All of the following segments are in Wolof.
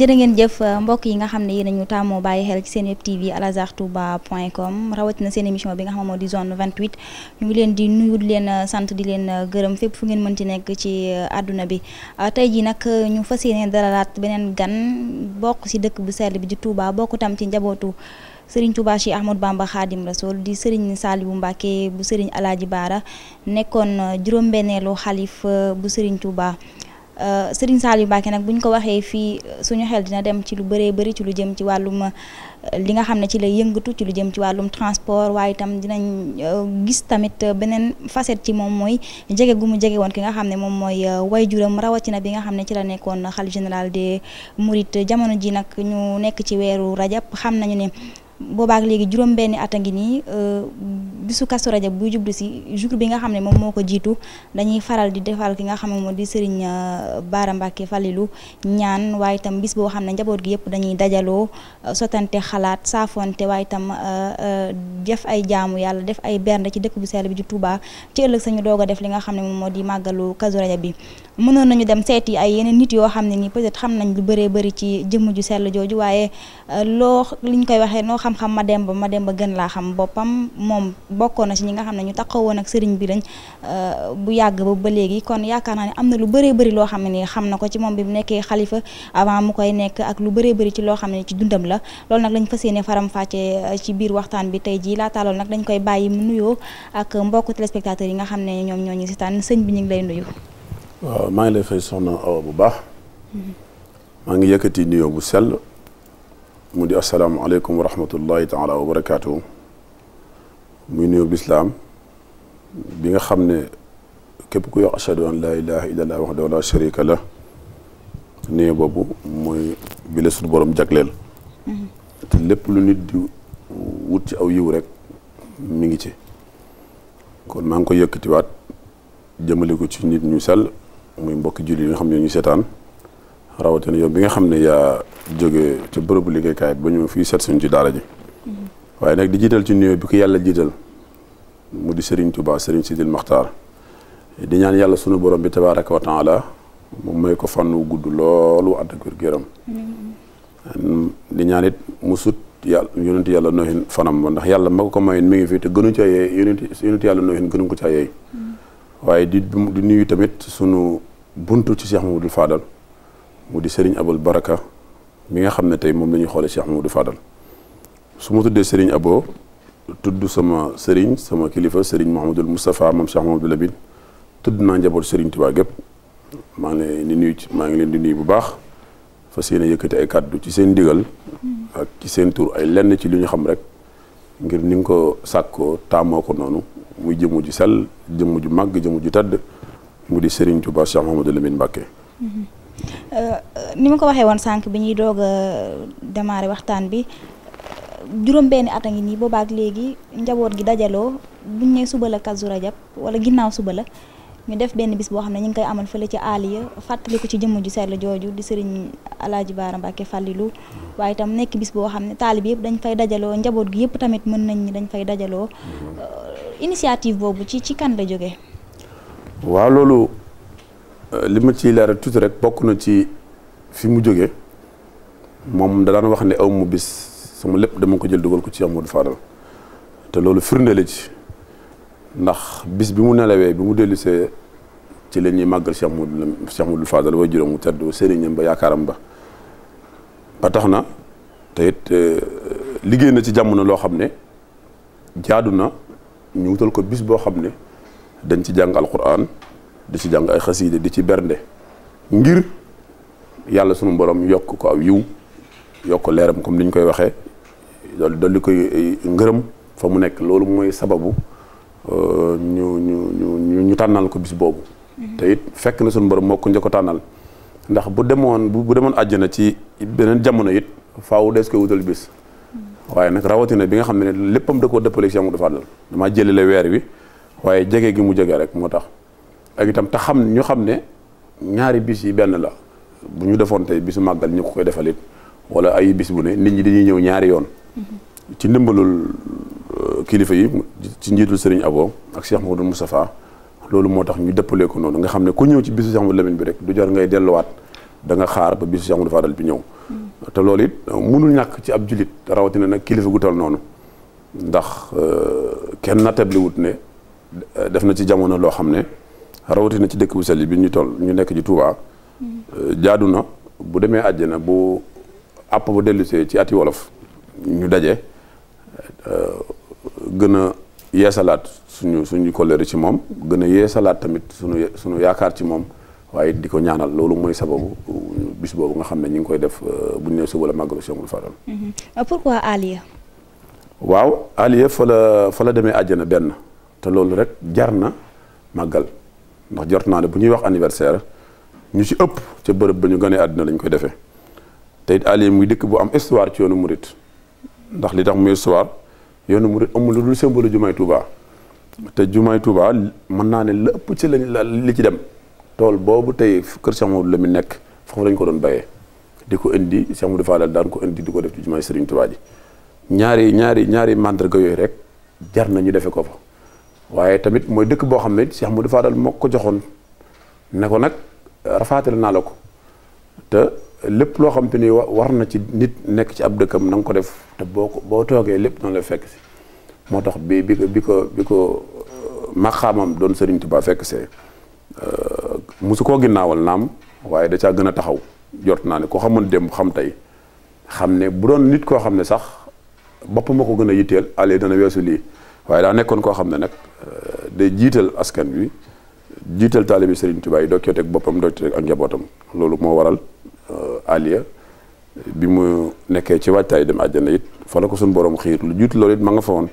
jërë ngeen jëf euh, mbokk yi nga xam ne yéen ñu tàmmoo bàyyi xel ci seen web tv alazar touba point rawat na seen émission bi nga xam ne moo di zone 28 ñu ngi leen di nuyu di leen euh, sant di leen euh, gërëm fépp fu ngeen mën ci nekk ci àdduna bi tey jii nag ñu fas yéene dalalaat beneen gan bokk si dëkk bu sell bi di Touba bokk tam ci njabootu sëriñ Touba Cheikh Ahmadou Bamba Khadim Rasoul di sëriñ Saliou Mbacké bu sëriñ Alaaji Baara nekkoon juróom-benneelu bu sëriñ Touba Euh, Serigne yu Mbacké nag bu ñu ko waxee fii euh, suñu xel dina dem ci lu bëree bëri ci lu jëm ci wàllum euh, li nga xam ne ci la yëngatu ci lu jëm ci wàllum transport waaye itam dinañ gis tamit beneen faset ci moom mooy jege gu mu jege woon ki nga xam ne moom mooy juróom rawatina bi nga xam ne ci la nekkoon xal général des Mourides jamono ji nag ñu nekk ci weeru rajab xam nañu ne boobaak léegi juróom-benni at a ngi nii euh, bisu Kazu Rajab bu jublu si jour bi nga xam ne moom moo ko jiitu dañuy faral di defal ki nga xam ne moo di Serigne euh, Bara Mbacké Falilou ñaan waaye itam boo xam ne njaboot gi yëpp dañuy dajaloo euh, sotante xalaat saafonte waaye itam def ay jaamu yàlla def ay bernde ci dëkk bu sell bi ju Touba ci ëllëg sañu doog def li nga xam ne moom moo di màggalu Kazu Rajab bi mënoon nañu dem seeti ay yeneen nit yoo xam ne nii peut-être xam nañ lu bëree bari ci jëmm ju sell jooju waaye xam-xam ma dem ba ma dem ba gën laa xam boppam moom bokkoon na ci ñi nga xam ne ñu taxawoon ak sëriñ bi lañ euh, bu yàgg ba ba léegi kon yaakaar naa ne am na lu bëree bëri loo xam ne ni xam na ko ci moom bi mu nekkee xalifa avant mu koy nekk ak lu bëree bëri ci loo xam ne ci dundam la lool nag lañ fas yéene faram fàccee euh, ci biir waxtaan bi tey jii laata loolu nag dañ koy bàyyi mu nuyoo ak mbokku téléspectateurs yi nga xam ne ñoom ñoo si tànn sëñ bi ñu ngi lay nuyu. waaw maa ngi lay bu baax. Mm-hmm. maa ngi yëkkati mu di asalaamaaleykum wa rahmatullahi taala wa barakaatu muy nuyu bislaam bi nga xam ne képp ku yox ashadu an laa ilaha illallah wahdahu la sharika la nuyu boobu mooy bi la suñu borom jagleel te lépp lu nit di wut ci aw yiw rek mu ngi ci kon maa ngi ko yëkkatiwaat jëmale ko ci nit ñu sell muy mbokki julli yi nga xam ne ñu seetaan rawatina yow bi nga xam ne yaa jóge ca bërëbu liggéeykaay ba ñëw fii set suñ ci daara ji waaye nag di jiital ci nuyoo bi ko yàlla jiital mu di sëriñ tubaa sëriñ si Sidil Maxtaar di ñaan yàlla sunu borom bi tabaaraka wa taala mu may ko fan wu gudd loolu ànd ak wér gu di ñaan it mu sut yàlla yonent yàlla nooyin fanam ndax yàlla ma ko mayoon mi ngi fi te gënu ca yeey yonent yàlla nooyin gënu ko ca yeey mm. waaye di di nuyu tamit sunu buntu ci Cheikh Mamadou Fadal mu di Serigne Abul Baraka mi nga xam ne tey moom la ñuy xoolee Cheikh Mamadou Fadal su ma tuddee Serigne Abo tudd sama Serigne sama kilifa Serigne Mouhamadul Moustapha moom Cheikh Mamadou Labine tudd naa njaboot Serigne Touba gépp maa ngi leen di nuyu maa ngi leen di nuyu bu baax fas yéene yëkkati ay kàddu ci seen digal ak ci seen tuur ay lenn ci lu ñu xam rek ngir ni ngi ko sàkkoo taamoo ko noonu muy jëmm ju sel jëmu ju màgg jëmm ju tàdd mu di Serigne Touba Cheikh Mamadou Euh, ni ma ko waxee woon sànq bi ñuy doog a waxtaan bi juróom benni at a ngi nii boobaak léegi njaboot gi dajaloo buñ ne suba la Kazu Rajab wala ginnaaw suba la ñu def benn bis boo xam ne ñu ngi koy amal fële ci Aliya fàttali ko ci jëmm ju seetlu jooju di sëriñ Alaaji Baara Mbàkke Fàllilu waaye tam nekk bis boo xam ne taalib yëpp dañ fay dajaloo njaboot gi yëpp tamit mën nañ ni dañ fay dajaloo mm-hmm. euh, initiative boobu ci ci kan la jógee waaw loolu li ma ciy leeral tuuti rek bokk na ci fi mu jóge moom da daan wax ne aw mu bis sama lépp dama ko jël dugal ko ci Amadou Fadal te loolu firnde la ci ndax bis bi mu nelawee bi mu dellusee ci lañuy ñuy màggal Cheikh Modou Cheikh Modou Fadal way juróom mu tedd sëriñam ba yaakaaram ba ba tax na te liggéey na ci jamono loo xam ne jaadu na ñu wutal ko bis boo xam ne dañ ci jàng alquran di ci jàng ay xasiide di ci bernde ngir yàlla sunu borom yokk ko aw yiw yokk leeram comme ni ñu koy waxee loolu dolli koy eh, ngërëm fa mu nekk loolu mooy sababu euh, ñu ñu ñu ñu tànnal ko bis boobu. Mm-hmm. te it fekk na sunu borom moo ko njëkk tànnal ndax bu demoon bu demoon àjjana ci beneen jamono it faaw des koy wutal bis. Mm-hmm. waaye nag rawatina bi nga xam ne léppam da koo dëppale si amul dafa àndal damaa jëlale weer wi waaye jege gi mu jege rek moo tax. ak itam te xam ñu xam ne ñaari bis yi benn la bu ñu defoon tey bisu màggal ñu ko koy defal it wala ay bis bu ne nit ñi dañuy ñëw ñaari yoon. Mm-hmm. ci ndimbalul euh, kilifa yi ci njiitul Serigne aboo ak Cheikh Mouhamadou Moustapha loolu moo tax ñu dëppalee ko noonu nga xam ne ku ñëw ci bisu Cheikh Mouhamadou Lamine bi rek du jar ngay delluwaat danga nga xaar ba bisu Cheikh Mouhamadou Fadal bi ñëw. Mm-hmm. te loolu it euh, mënul ñàkk ci ab julit rawatina nag kilifa gu toll noonu ndax euh, kenn nattabliwut ne def na ci jamono loo xam ne. rawatina ci dëkk bu sell bi ñu toll ñu nekk ji Touba. Mm. jaadu na bu demee àjjana bu àpp bu dellusee ci ati wolof ñu daje euh, gën a yeesalaat suñu suñu colère ci moom gën a yeesalaat tamit suñu suñu yaakaar ci moom waaye di ko ñaanal loolu mooy sababu bis boobu nga xam ne ñu ngi koy def euh, bu ñu nee suba la màggalu Cheikhul Fadal. Mm-hmm. pourquoi Aliya. waaw Aliya fa la fa la demee àjjana benn te loolu rek jar na màggal. ndax jort naa ne bu ñuy wax anniversaire ñu ci ëpp ca bërëb ba ñu gënee àddina lañu koy defee te it muy dëkk bu am histoire ci yoonu murit ndax li tax mu histoire yoonu murit amul lu dul symbole jumaay Touba te jumaay Touba mën naa ne la ëpp ci lañ li ci dem tool boobu tey kër Cheikh Mamadou la mi nekk foofu lañ ko doon bayee di ko indi Cheikh Mamadou Fadal daan ko indi di ko def ci jumaay Serigne Touba ji ñaari ñaari ñaari mandarga yooyu rek jar na ñu defe ko fa waaye tamit mooy dëkk boo xam ne Cheikh Modou Fadal moo ko joxoon ne ko nag rafaatale naa la ko te lépp loo xam te ni war na ci nit nekk ci ab dëkkam na ko def te boo ko boo toogee lépp noonu la fekk si moo tax bi bi ko bi ko bi euh, doon Serigne Touba fekk see euh, mosu koo ginnaawal naam waaye da caa gën a taxaw jot naa ne koo xamoon démb xam tey xam ne bu doon nit koo xam ne sax bopp ma ko gën a yitteel ale dana weesu lii waaye daa nekkoon koo xam ne nag euh, day jiital askan bi jiital taalibi Serigne Touba yi doog teg boppam doog teg ak njabootam loolu moo waral euh, Aliya bi mu nekkee ci waajtaay dem àjjana it fa la ko suñu borom xiir lu jiitu loolu it ma nga fa woon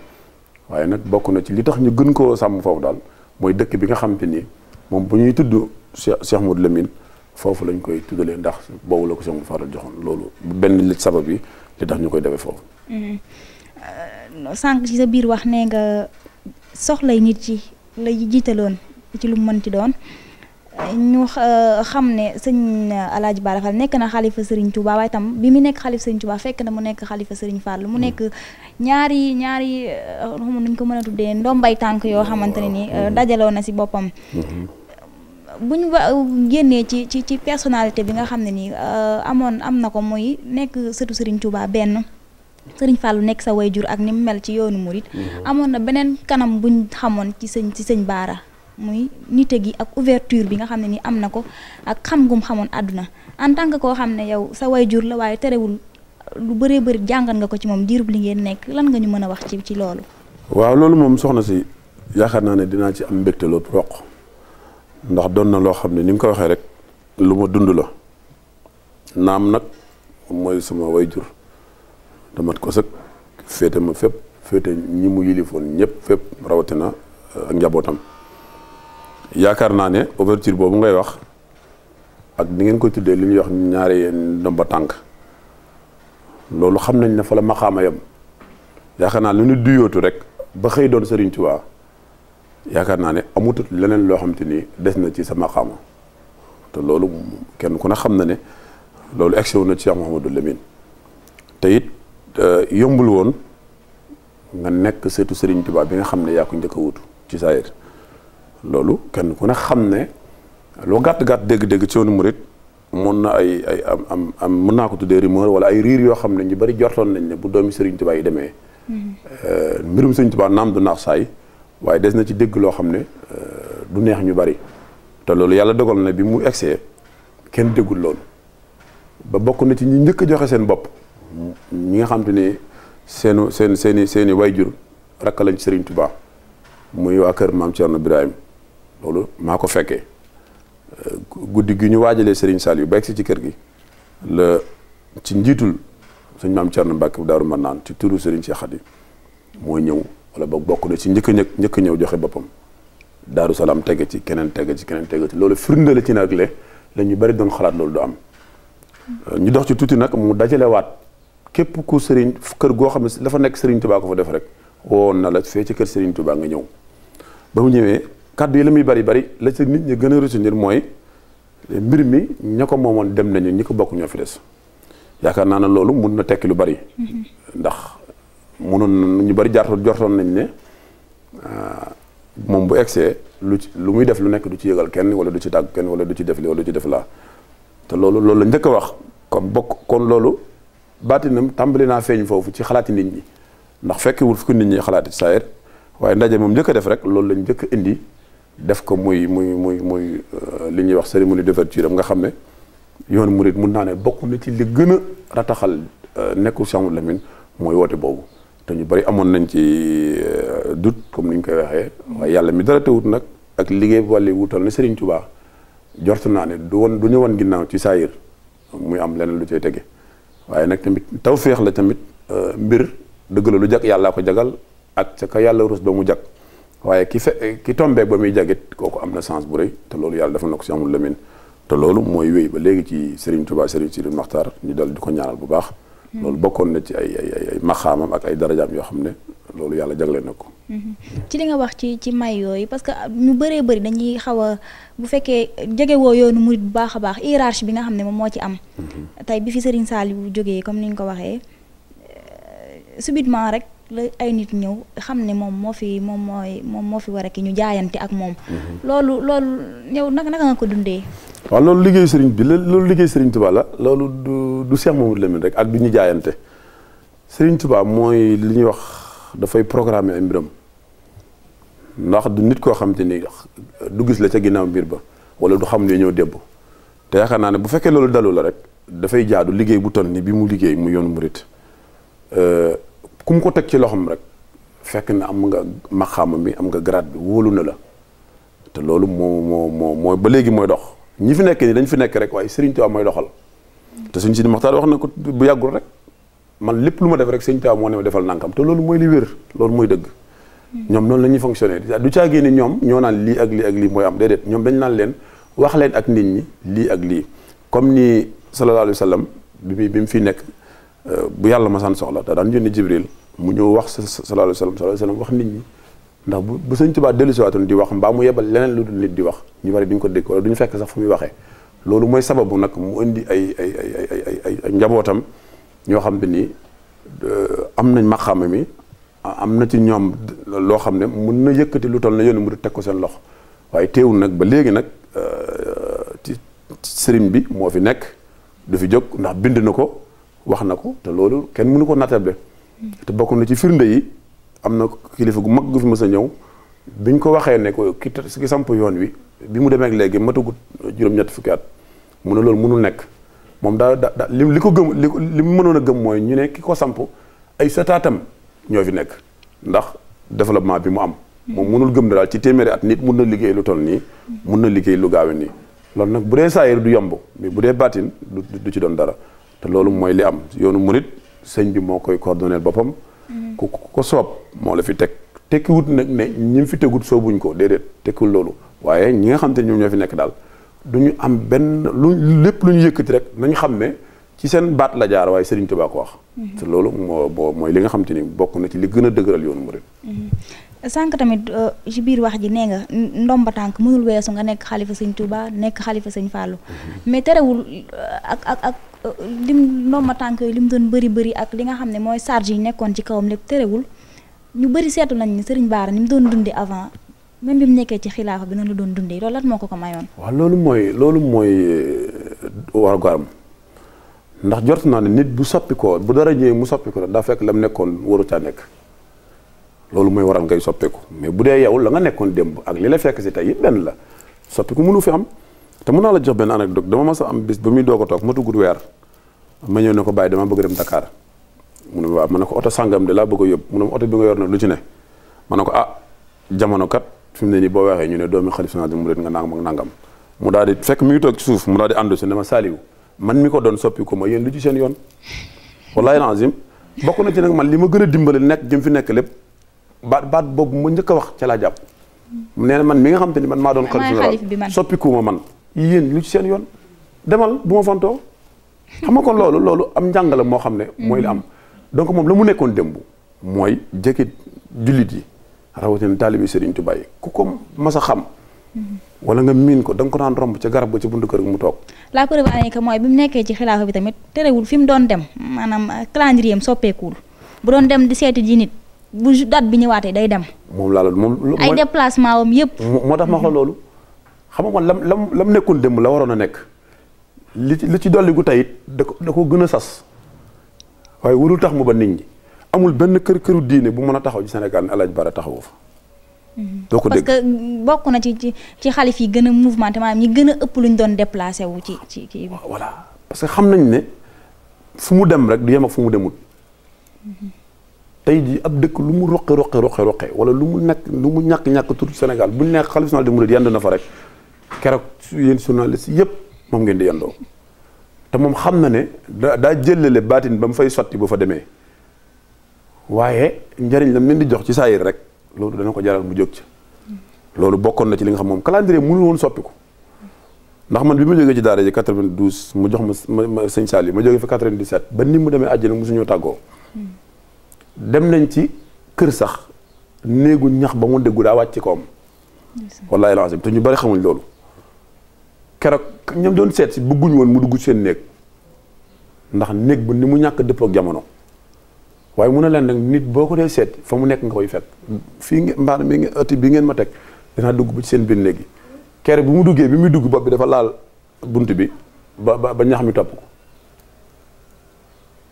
waaye nag bokk na ci li tax ñu gën koo sàmm foofu daal mooy dëkk bi nga xam te ni moom bu ñuy tudd Cheikh Cheikh Modou Lamine foofu lañ koy tuddalee ndax boobu la ko Cheikh Modou Faral joxoon loolu bu benn li sabab yi li tax ñu koy defee foofu. Mm-hmm. sànq ci sa biir wax nee nga soxlay nit ci la jiitaloon ci lu mu mënti doon ñu euh, xam ne sëñ euh, Alaaji Bara Fall nekk na xalifa Serigne Touba waaye tam bi mu nekk xalifa Serigne Touba fekk na mu nekk xalifa Serigne lu mu nekk ñaari ñaari xamu euh, nuñ ko mën a tuddee ndombay tànk yoo xamante ne ni dajaloo na si boppam. Mm-hmm. bu génnee ci ci ci personnalité bi nga xam ne nii amoon am na ko muy nekk sëtu sëriñ Touba benn. sëriñ Fallou nekk sa way jur ak ni mu mel ci yoonu murit mhm. amoon na beneen kanam buñ xamoon ci sëñ ci sëñ Baara muy nite gi ak ouverture bi nga xam ne ni am na ko ak xam xamoon àdduna en tant que koo xam ne yow sa way jur la waaye terewul lu bëree bëri jàngat nga ko ci moom diirub li ngeen nekk lan nga ñu mën a wax ci ci loolu. waaw loolu moom soxna si yaakaar naa ne dinaa ci am mbégte loolu roq ndax doon na loo xam ne ni nga waxee rek lu ma dund la naam nag mooy sama way jur te mat ko sëkk féete ma fépp féete ñi mu yilifoon ñëpp fépp rawatina ak euh, njabootam yaakaar naa ne ouverture boobu ngay wax ak ni ngeen ko tuddee li ñuy wax ñaari ba tànk loolu xam nañ ne fa la maxaama yam yaakaar naa lu ñu duyootu rek ba xëy doon Serigne Touba yaakaar naa ne amutut leneen loo xam te ni des na ci sa maxaama te loolu kenn ku ne xam na ne loolu egsi wu na ci Cheikh Mouhamadou Lamine te it Euh, yombul woon nga nekk sëtu Serigne tubaab bi nga xam ne yaa ko njëkk a wutu ci saayir loolu kenn ku ne xam ne loo gàtt gàtt dégg-dégg ci yoonu murit mun na ay ay am am am mën naa ko tuddee rumeur wala ay riir yoo xam ne ñu bari jortoon nañ ne bu doomi Serigne Touba yi demee. Mm-hmm. Euh, mbirum Serigne Touba naam du naax saay waaye des na ci dégg loo xam ne euh, du neex ñu bari te loolu yàlla dogal na bi mu egsee kenn déggul loolu ba bokk na ci ñi njëkk a joxe seen bopp. ñi nga xam te ne seenu seen seeni seeni seen i wayjur rakk lañ Serigne Touba muy waa kër maam Thierno Birahim loolu maa ko fekkee euh, guddi gi ñu sëriñ Serigne Saliou ba egsi ci kër gi la ci njiitul suñ maam Thierno Mbacke Daaru Manaan ci turu Serigne Cheikh Khady mooy ñëw wala boog bokk na ci njëkk a njëkk ñëw joxe boppam Daaru Salaam tege ci keneen tege ci keneen tege ci loolu firnde la ci nag le la bari doon xalaat loolu du am. Euh, ñu dox ci tuuti nag mu dajalewaat. képp ku Serigne kër goo xam ne dafa nekk Serigne Touba ko fa def rek woon na la fee ci kër Serigne Touba nga ñëw ba mu ñëwee kàddu yi la muy bari bari la ci nit ñi gën a retenir mooy mbir mi ña ko moomoon dem nañu ñi ko bokk ñoo fi des yaakaar naa ne loolu mun na tekki lu bari. Mm-hmm. ndax munoon ñu bari jaartoon jortoon nañ ne moom bu egsee lu ci lu muy def lu nekk du ci yëgal kenn wala du ci tàgg kenn wala du ci def li ci def laa te loolu loolu la njëkk a wax kon bokk kon loolu. baatinam tàmbali naa feeñ foofu ci xalaati nit ñi ndax fekkiwul fi ko nit ñi xalaati saayir waaye ndaje moom njëkk def rek loolu lañu njëkk indi def ko muy muy muy muy euh, li ñuy wax cérémonie d'ouverture am nga xam ne mu murit mun naa ne bokku na ci li gën a rataxal euh, nekku Cheikh Mouhamadou mooy woote boobu te ñu bari amoon nañ ci euh, dut comme ni ñu koy waxee waaye yàlla mi dara wut nag ak liggéey bu wàlli wutal na Serigne Touba jort naa ne du woon du ñu woon ginnaaw ci saayir muy am leneen lu cay tege waaye nag tamit feex la tamit euh, mbir dëgg la lu jag yàllaa ko jagal ak ca ka yàlla rus ba mu jag waaye ki fe ki tombeeg ba muy jagit kooku am na chance bu rëy te loolu yàlla dafa ko si amul lamin te loolu mooy wéy ba léegi ci Serigne Touba Serigne Sidi Maxtaar ñu dal di ko ñaanal bu baax hmm. loolu bokkoon na ci ay ay ay maxaamam ak ay darajaam yoo xam ne loolu yàlla jagle na ko. Mhm. ci li nga wax ci ci may yooyu parce que ñu bëree bëri dañuy xaw a bu fekkee woo yoonu murit bu baax a baax hiérarchie bi nga xam ne moom moo ci am. Mhm. tey bi fi Serigne Saliou jógee comme ni ñu ko waxee euh, subitement rek la ay nit ñëw xam ne moom moo fi moom mooy moom moo fi war ki ñu jaayante ak moom. Mhm. loolu loolu ñëw naka naka nga ko dundee. waaw loolu liggéeyu Serigne bi loolu liggéeyu Serigne Touba la loolu du du Cheikh Mamadou Lamine rek ak du ñu jaayante Serigne Touba mooy li ñuy wax. dafay programme ay mbiram ndax du nit koo xam te ni du gis la ca ginnaaw mbir ba wala du xam ne ñëw débb te yaakaar naa ne bu fekkee loolu dalu la rek dafay jaadu liggéey bu ton ni bi mu liggéey mu yoonu murit euh, ku mu ko teg ci loxoom rek fekk na am nga maxaama bi am nga grade bi wóolu na la te loolu moo moo moo mooy ba léegi mooy dox ñi fi nekk ni dañ fi nekk rek waaye Serigne Touba mooy doxal te suñ si di Maxtaar wax na ko bu yàggul rek man lépp lu ma def rek sëñ Tuubaa moo ne ma defal nankam te loolu mooy li wér loolu mooy dëgg ñoom noonu la ñuy fonctionner du caagee ni ñoom ñoo naan lii ak lii ak lii mooy am déedéet ñoom dañ naan leen wax leen ak nit ñi lii ak lii comme ni sallallahu alayhi wa sallam bi mu bi mu fi nekk euh, bu yàlla ma masaan soxla te daan yónni Jibril mu ñëw wax sallallahu alayhi wa sallam sallam wax nit ñi ndax bu bu sëñ Tuubaa dellusiwaatoon di wax mbaa mu yebal leneen lu dul nit di wax ñu bari duñ ko dégg wala duñu fekk sax fu muy loolu mooy sababu nag mu indi ay ay ay ay ay njabootam ñoo xam te ni euh, am nañ maqaama mi a am na ci ñoom loo xam ne mun na yëkkati lu toll na yoonu mu teg ko seen loxo waaye teewul nag ba léegi nag euh, ci sëriñ bi moo fi nekk du fi jóg ndax bind na ko wax na ko te loolu kenn mënu ko nattable hmm. te bokk na ci firnde yi am na kilifa gu mag gu fi mës a ñëw biñ ko waxee ne ko ki ki samp yoon wi bi mu demee léegi matagut juróom-ñett fukki at mun na loolu mënul nekk moom daa da li li ko gëm li li mu mënoon a gëm mooy ñu ne ki ko samp ay sataatam ñoo fi nekk ndax développement bi mu am moom mënul gëm ne daal ci téeméeri at nit mun na liggéey lu toll nii mun na liggéey lu gaawe nii loolu nag bu dee saayir du yomb mais bu dee baatin du du ci doon dara te loolu mooy li am yoonu murit sëñ bi moo koy coordonné boppam ku ko soob moo la fi teg tekkiwut nag ne ñi fi tegut soo buñ ko déedéet tekkiwul loolu waaye ñi nga xam ñoom ñoo fi nekk daal du ñu am benn lu lépp lu ñu yëkkati rek nañu xam ne ci seen baat la jaar waaye Serigne Touba ko wax. Mhm. te loolu moo mooy li nga xam te ni bokk na ci li gën a dëgëral yoonu murid. Mhm. sànq tamit euh, ci biir wax ji nee nga ndomba tànk mënul weesu nga nekk xalifa sëñ Touba nekk xalifa sañ Fallou mhm. mais terewul euh, ak ak ak euh, lim ndomba tànk yooyu lim doon bëri bëri ak li nga xam ne mooy charge yi nekkoon ci kawam lépp terewul ñu bëri seetu nañ ni Serigne Bara ni mu doon dundi avant même bi mu nekkee ci xilaafa bi na la doon dundee loolu lan moo ko ko mayoon. waaw loolu mooy loolu mooy euh, war garam ndax jort naa ne nit bu soppi ko bu dara ñëwee mu soppi ko daa fekk la mu nekkoon waru caa nekk loolu mooy waral ngay soppeeku mais bu dee yow la nga nekkoon démb ak li la fekk si tey it benn la soppiku mënu fi am te mën naa la jox benn anecdote dama mas a am bis ba muy doog a toog ma tuggul weer ma ñëw ne ko bàyyi dama bëgg dem Dakar mu ne waaw ma ne ko oto sangam de laa bëgg a yóbbu mu ne ma oto bi nga yor na lu ci ne ma na ko ah jamono kat. fi mu ne nii boo waxee ñu ne doomi xalif général des mourides nga nangam ak nangam mu daal di fekk mi ngi toog ci suuf mu daal di àndu si ne ma saaliw man mi ko doon soppi ko ma yéen lu ci seen yoon wallaahi bokk na ci nag man li ma gën a dimbali nekk jëm fi nekk lépp baat baat boobu ma njëkk a wax ca laa jàpp nee na man mi nga xam ni man maa doon xalif général soppiku ma man yéen lu seen yoon demal bu ma fantoo xam nga loolu loolu am njàng la moo xam ne mooy li am mm-hmm. donc moom la mu nekkoon démb mooy jëkkit jullit yi rawatina taalibi Serigne Touba yi ku ko mas a xam. wala nga miin ko da nga ko daan romb ca garab ba ci buntu kër mu toog. la preuve année mooy bi mu nekkee ci xilaafa bi tamit terewul fi mu doon dem maanaam calendrier am soppeekuwul bu doon dem di seeti ji nit bu dat bi ñëwaatee day dem. moom laa loolu moom. ay déplacement am yëpp. moo tax ma xool loolu xam nga man lam lam lam nekkoon démb la waroon a nekk li ci ci dolli gu tey it da ko da ko gën a sas waaye warul tax mu ba nit ñi. amul benn kër këru diine bu mën a taxaw ci senegal ne El Hadj Bara taxawu fa. Mhm. doo ko dégg parce que bokk na ci ci ci xalif yi gën a mouvementé maanaam ñi gën a ëpp luñ doon déplacé wu ci ci kii bi. voilà parce que xam nañ ne fu mu dem rek du yem ak fu mu demul. Mhm. tey jii ab dëkk lu mu roqe roqe roqe roqe wala lu mu nekk lu mu ñàkk ñàkk tur Sénégal buñ nekk xalif national di murid na fa rek keroog yéen journaliste yëpp moom ngeen di yendoo te moom xam na ne daa daa jëlale baatin ba mu fay sotti bu fa demee. waaye njëriñ la mën di jox ci saa yir rek loolu dana ko jaral mu jóg ci loolu bokkoon na ci li nga xam moom calendrier mënul woon soppi ko ndax man bi ma jógee ci daara ji 92 mu jox ma ma sëñ Saliou ma jógee fa 97 ba ni mu demee àjjana mosuñoo tàggoo dem nañ ci kër sax néegu ñax ba mu déggu daa wàcce ci kawam wallaay lancim te ñu bari xamuñ loolu keroog ñoom doon seet si bëgguñ woon mu dugg seen néeg ndax néeg ba ni mu ñàkk dëppoo jamono waaye mu ne leen nag nit boo ko dee seet fa mu nekk nga koy fekk fii mbaar mii ngi ëtt bi ngeen ma teg danaa dugg ba ci seen biir néeg yi kere bu mu duggee bi muy dugg bopp bi dafa laal bunt bi ba ba ñax mi topp ko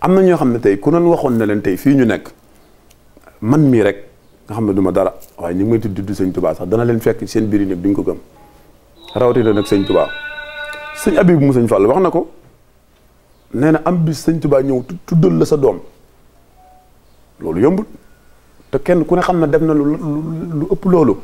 am na ñoo xam ne tey ku noon waxoon na leen tey fii ñu nekk man mii rek nga xam ne du ma dara waaye ñu ngi may tudd sëñ tubaa sax dana leen fekk seen biir néeg duñ ko gëm rawatina nag sëñ tubaa sëñ Abibu mu sëñ Fall wax na ko nee na am bis sëñ ñëw tuddal la sa doom loolu yombul te kenn ku ne xam na def na lu ëpp loolu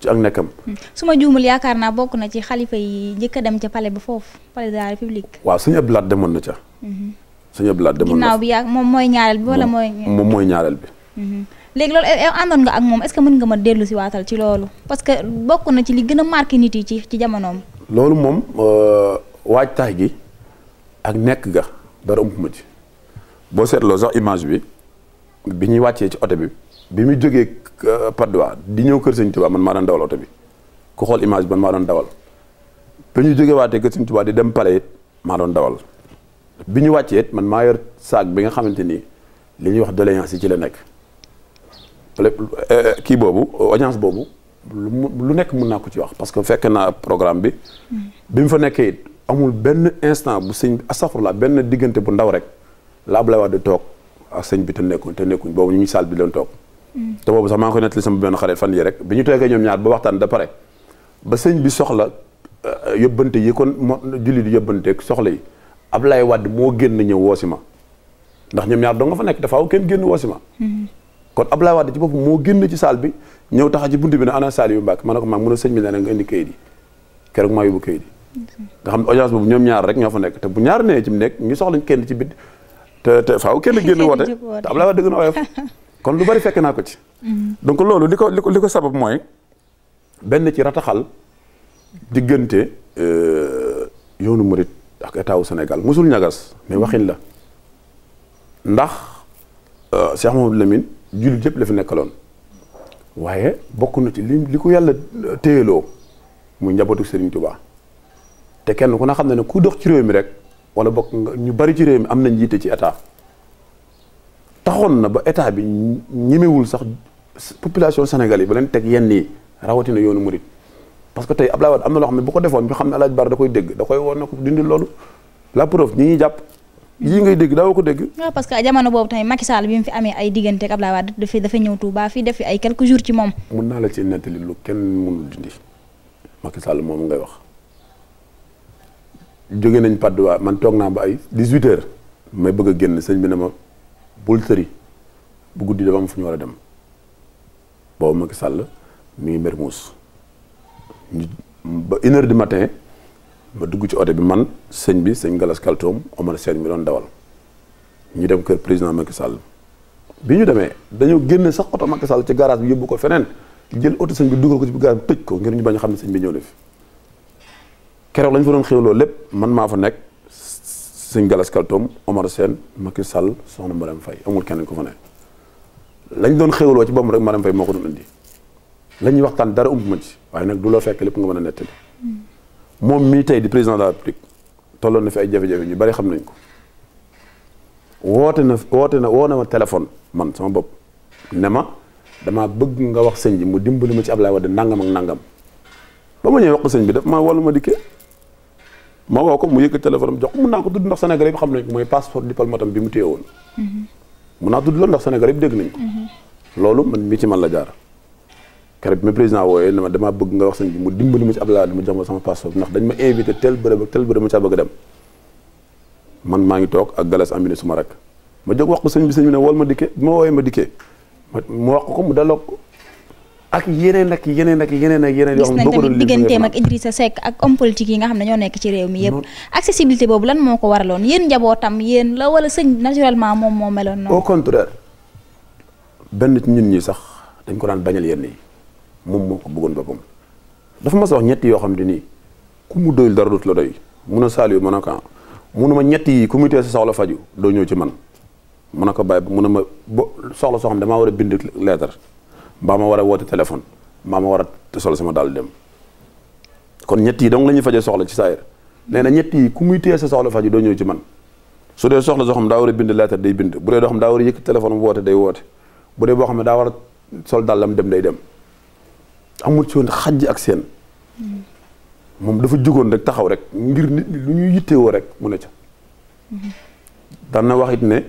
ci ak nekkam. Hmm. su ma juumul yaakaar naa bokk na ci xalifa yi njëkk dem ca palais ba foofu palais de la république. waaw sëñ Abdou Lahad demoon na ca. Hmm. sëñ Abdou Lahad demoon na ginnaaw bi yaa moom mooy ñaareel bi wala mooy. moom mooy ñaareel bi. Hmm. léegi loolu eh, àndoon nga ak moom est-ce que mën nga ma dellu si waatal ci loolu parce que bokk na ci li gën a marqué nit yi ci ci jamonoom. loolu moom euh, waaj tax gi ak nekk ga dara ëmp ma ci boo seetloo sax image bi. bi ñuy wàccee ci oto bi bi mu jógee euh, Patte d'Oie di ñëw kër Sëñ Tuubaa man maa doon dawal oto bi ku xool image bi man maa doon dawal bi ñu jógee waatee kër Sëñ di dem pale it dawal bi ñu wàccee man maa yor saag bi nga xamante ni li ñuy wax doléance yi ci la nekk euh, kii boobu audience boobu lu lu nekk mun naa ko ci wax parce que fekk naa programme bi hmm. bi mu fa nekkee it amul benn instant bu sëñ astafurla benn diggante bu ndaw rek la Ablaye Wade toog ak sëñ bi te nekkuñ te nekkuñ boobu ñu ngi saal bi leen toog mm. te boobu sax maa ngi koy nettali sama benn xarit fan yi rek bi ñu toogee ñoom ba waxtaan da pare euh, yi kon mo julli di yóbbanteeg soxla yi Ablaye Wade moo génn ñëw woosi ma ndax ñoom ñaar doo nga fa nekk dafa aw kenn génn woosi ma mm-hmm. kon Ablaye Wade ci ci saal bi ñëw taxa ci buntu bi ne ana Saliou Mbacke ma ne ko maa a sëñ bi ne nga indi kayit yi mm-hmm. rek ñoo fa nekk te bu ñaar nee ci mu nekk ñu soxlañ kenn ci bit te te faaw kenn génn woote te Abdoulaye Wade dëgg na oyof kon lu bari fekk naa ko ci. donc loolu li ko li ko li ko sabab mooy benn ci rataxal diggante euh, yoonu murit ak état senegal Sénégal musul ñagas mais waxin la ndax euh, Cheikh Mamadou Lamine jullit yëpp la fi nekkaloon waaye bokkunu ci li li ko yàlla euh, téyeloo muy njabootu Serigne Touba te kenn ku na xam ne ne ku dox ci réew mi rek. wala bokk nga ñu bari ci réew mi am na jiite ci état taxoon na ba état bi ñemewul sax population sénégalaise ba leen teg yenn yi rawatina yoonu murit parce que tey Abdoulaye Wade am na loo xam ne boo ko defoon ñu xam ne Alaaji ko dindi loolu la preuve ñi ñuy jàpp yii ngay dégg daawoo ko dégg. waaw parce que jamono boobu tamit Macky Sall bi mu fi amee ay diggante ak Abdoulaye Wade dafay dafa ñëw Touba fii def fi ay quelques jours ci moom. mun naa la ci nettali lu kenn mënul dindi Macky moom ngay wax. jóge nañ Patte waa man toog naa ba ay 18 heures may bëgg a génn sëñ bi ne ma bul tëri bu guddi dafa am fu ñu war a dem boobu Macky Sall mi ngi Mermoz ñu ba une heure matin ma dugg ci oto bi man sëñ bi sëñ Galas Kaltoom Omar Sène mi doon dawal ñu dem kër président Macky Sall bi ñu demee dañoo génne sax oto Macky Sall ci garage bi yóbbu ko feneen jël oto sëñ bi dugal ko ci garage bi tëj ko ngir ñu bañ xam ne sëñ bi ñëw na fi. keroog lañ fa doon xewloo lépp man maa fa nekk sëñ Galas Kaltoom Omar Sène Macky Sall soxna Marème Faye amul kenn ko fa nekk lañ doon xéwloo ci boppam rek Marème Faye moo ko doon indi la ñuy waxtaan dara ump ma ci waaye nag du loo fekk lépp nga mën a nettali hmm. moom mii tey di président de la République tolloon na fi ay jafe-jafe ñu bari xam nañ ko woote na na woo ne ma téléphone man sama bopp ne ma damaa bëgg nga wax sëñ bi mu dimbali ma ci Ablaye Wade nangam ak nangam ba ma ñëwee wax sëñ bi daf ma wàllu ma dikkee ma ko mu yëkk téléphone jox mun naa ko tudd ndax Sénégal yëpp xam nañ ko mooy passeport diplomatam bi mu téye woon. mun naa tudd loolu ndax Sénégal yëpp dégg nañ ko. loolu man mii ci man la jaar. keroog bi ma président wooyee dama damaa bëgg nga wax sëñ bi mu dimbali ma ci Abdoulaye mu jox ma sama passeport ndax dañ ma invité tel bërëb ak tel bërëb ma caa bëgg a dem. man maa ngi toog ak Galas ne suma rek ma jóg wax ko sëñ bi sëñ bi ne wool ma dikkee bi ma wooyee ma dikkee ma wax ko mu delloo ak yeneen ak yeneen ak yeneen ak yeneen yoo xam ne gis nañ tamit digganteem ak Idrissa Seck ak homme politique yi nga xam ne ñoo nekk ci réew mi yëpp accessibilité boobu lan moo ko waraloon yéen njabootam yéen la wala sëñ naturellement moom moo meloon noonu ñi sax dañ ko daan bañal yenn yi moom moo ko bëggoon boppam dafa ma wax ñetti yoo xam ni nii ku mu doyul dara dootu la doy mun a saal yu mën a kan munuma ñett yi ku mu tee sa soxla faju doo ñëw ci man mun a ko bàyyi mun a ma bo soxla soo xam damaa war a bind lettre mbaa ma war a woote téléphone mbaa ma war a sol sama daal dem kon ñett yi donc la ñuy faje soxla ci saayir nee na ñett yi ku muy téye sa soxla faju doo ñëw ci man su dee soxla soo xam daa war a bind lettre day bind bu dee doo xam daa war a yëkk téléphone woote day woote bu dee boo xam ne daa war a sol dàllam dem day dem amul ci woon xajj ak seen moom dafa jógoon rek taxaw rek ngir nit ñi lu ñuy yittewoo rek mu ne ca daan na wax it ne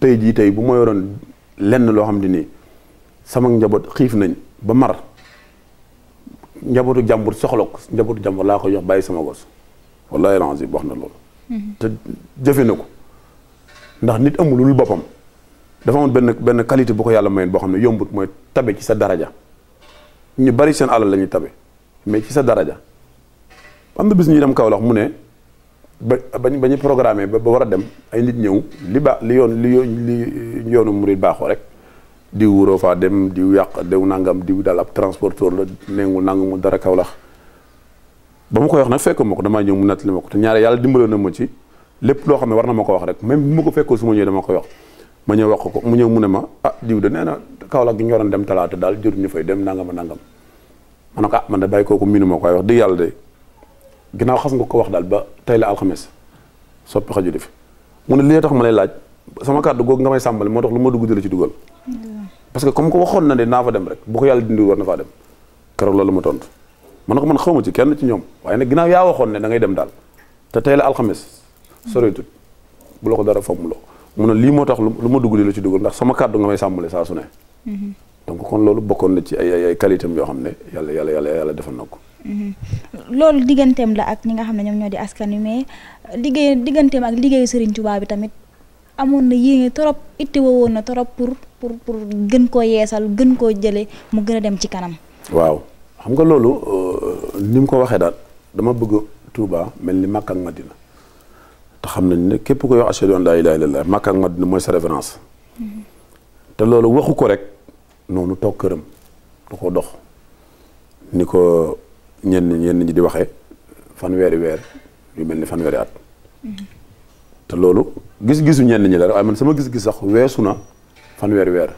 tey jii tey bu ma yoroon lenn loo xam ne nii sama njaboot xiif nañ ba mar njabootu jàmbur soxla ko njabootu jàmbur laa ko jox bàyyi sama gos wallahi rangi wax na loolu mhm. te jëfe na ko ndax nit amul lu boppam dafa amoon benn benn qualité bu ko yàlla mayoon boo xam ne yombut mooy tabe ci sa daraja ñu bari seen alal la ñuy tabe mais ci sa daraja am na bis ñuy dem Kaolack mu ne ba ba ñu programmé ba war a dem ay nit ñëw li ba li yoon li yoonu murid baaxoo rek diw wuroo faa dem diw yàq dew nangam diw daal ab transporteur la nengu nangu mu dara Kaolack ba mu koy wax nag fekk ma ko damaa ñëw mu nettali ma ko te ñaare yàlla dimbaloon na ma ci loo xam ne war na ko wax rek même bi ma ko fekkoo su ma ñëwee dama ma wax ko mu ñëw mu ne ma ah diw nee na Kaolack gi ñu waroon dem talaata daal jëru ñu fay dem nangam nangam ma ne ko ah man de bàyyi kooku miinu wax dëgg yàlla de ginnaaw xas nga ko wax daal ba tey la alxames soppi xaju def mu ne li tax ma lay laaj sama kàddu googu nga may sàmbale moo tax lu ma dugg di la ci dugal parce que comme ko waxoon na ne naa fa dem rek bu ko yàlla dindi war na faa dem keroog loolu ma tontu man ko man xawma ci kenn ci ñoom waaye nag ginnaaw yaa waxoon ne da ngay dem daal te tey la alxames soreetut bu la ko dara fommuloo mu ne lii moo tax lu ma dugg di la ci dugal ndax sama mm-hmm. loolu bokkoon na ci ay ay qualité yoo xam ne yàlla yàlla yàlla defal na mm-hmm. loolu digganteem la ak ñi nga xam ne ñoom ñoo di askan wi mais liggéey digganteem ak liggéeyu Serigne Touba bi tamit amoon na yéene torop itteewoo woon na torop pour pour gën koo yeesal gën koo jëlee mu gën a dem ci kanam. waaw xam nga loolu euh, ni mu ko waxee daal dama bëgg Touba mel ni Makka ak Madina te xam nañ ne képp ko wax ashhadu an laa ilaaha illallaah Makka ak Madina mooy sa référence. Mm-hmm. te loolu waxu ko rek noonu toog këram da ko dox ni ko ñenn ñenn ñi di waxee fanweeri weer yu mel ni fanweeri at. Mm-hmm. te loolu gis-gisu ñenn ñi la rek waaye man sama gis-gis sax weesu na fanweeri weer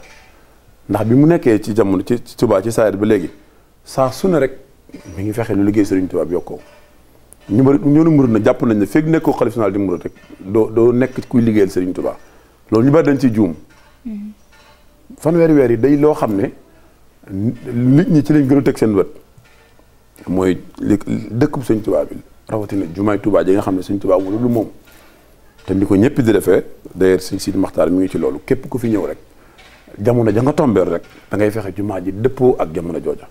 ndax bi mu nekkee ci jamono ci Tuubaa ci saayir ba léegi saa su ne rek mu ngi fexe lu liggéey Sëriñ Tuubaa bi yokkoo ñu bari ñoonu murit na jàpp nañ ne fekk nekkoo xalif général di murit rek doo doo nekk kuy liggéeyal Sëriñ Tuubaa loolu ñu bari dañ ciy juum mm-hmm. fanweeri weer yi day loo xam ne nit ñi ci lañ gën a teg seen bët mooy li dëkk bu Sëriñ Tuubaa bi rawatina jumaay Tuubaa ji nga xam ne Sëriñ Tuubaa mu lu moom te ni ko ñëpp di defee d'ailleurs sëñ Sidi Maxtaar mi ngi ci loolu képp ku fi ñëw rek jamono janga nga tombeel rek da ngay fexe jumaa ji dëppoo ak jamono jooja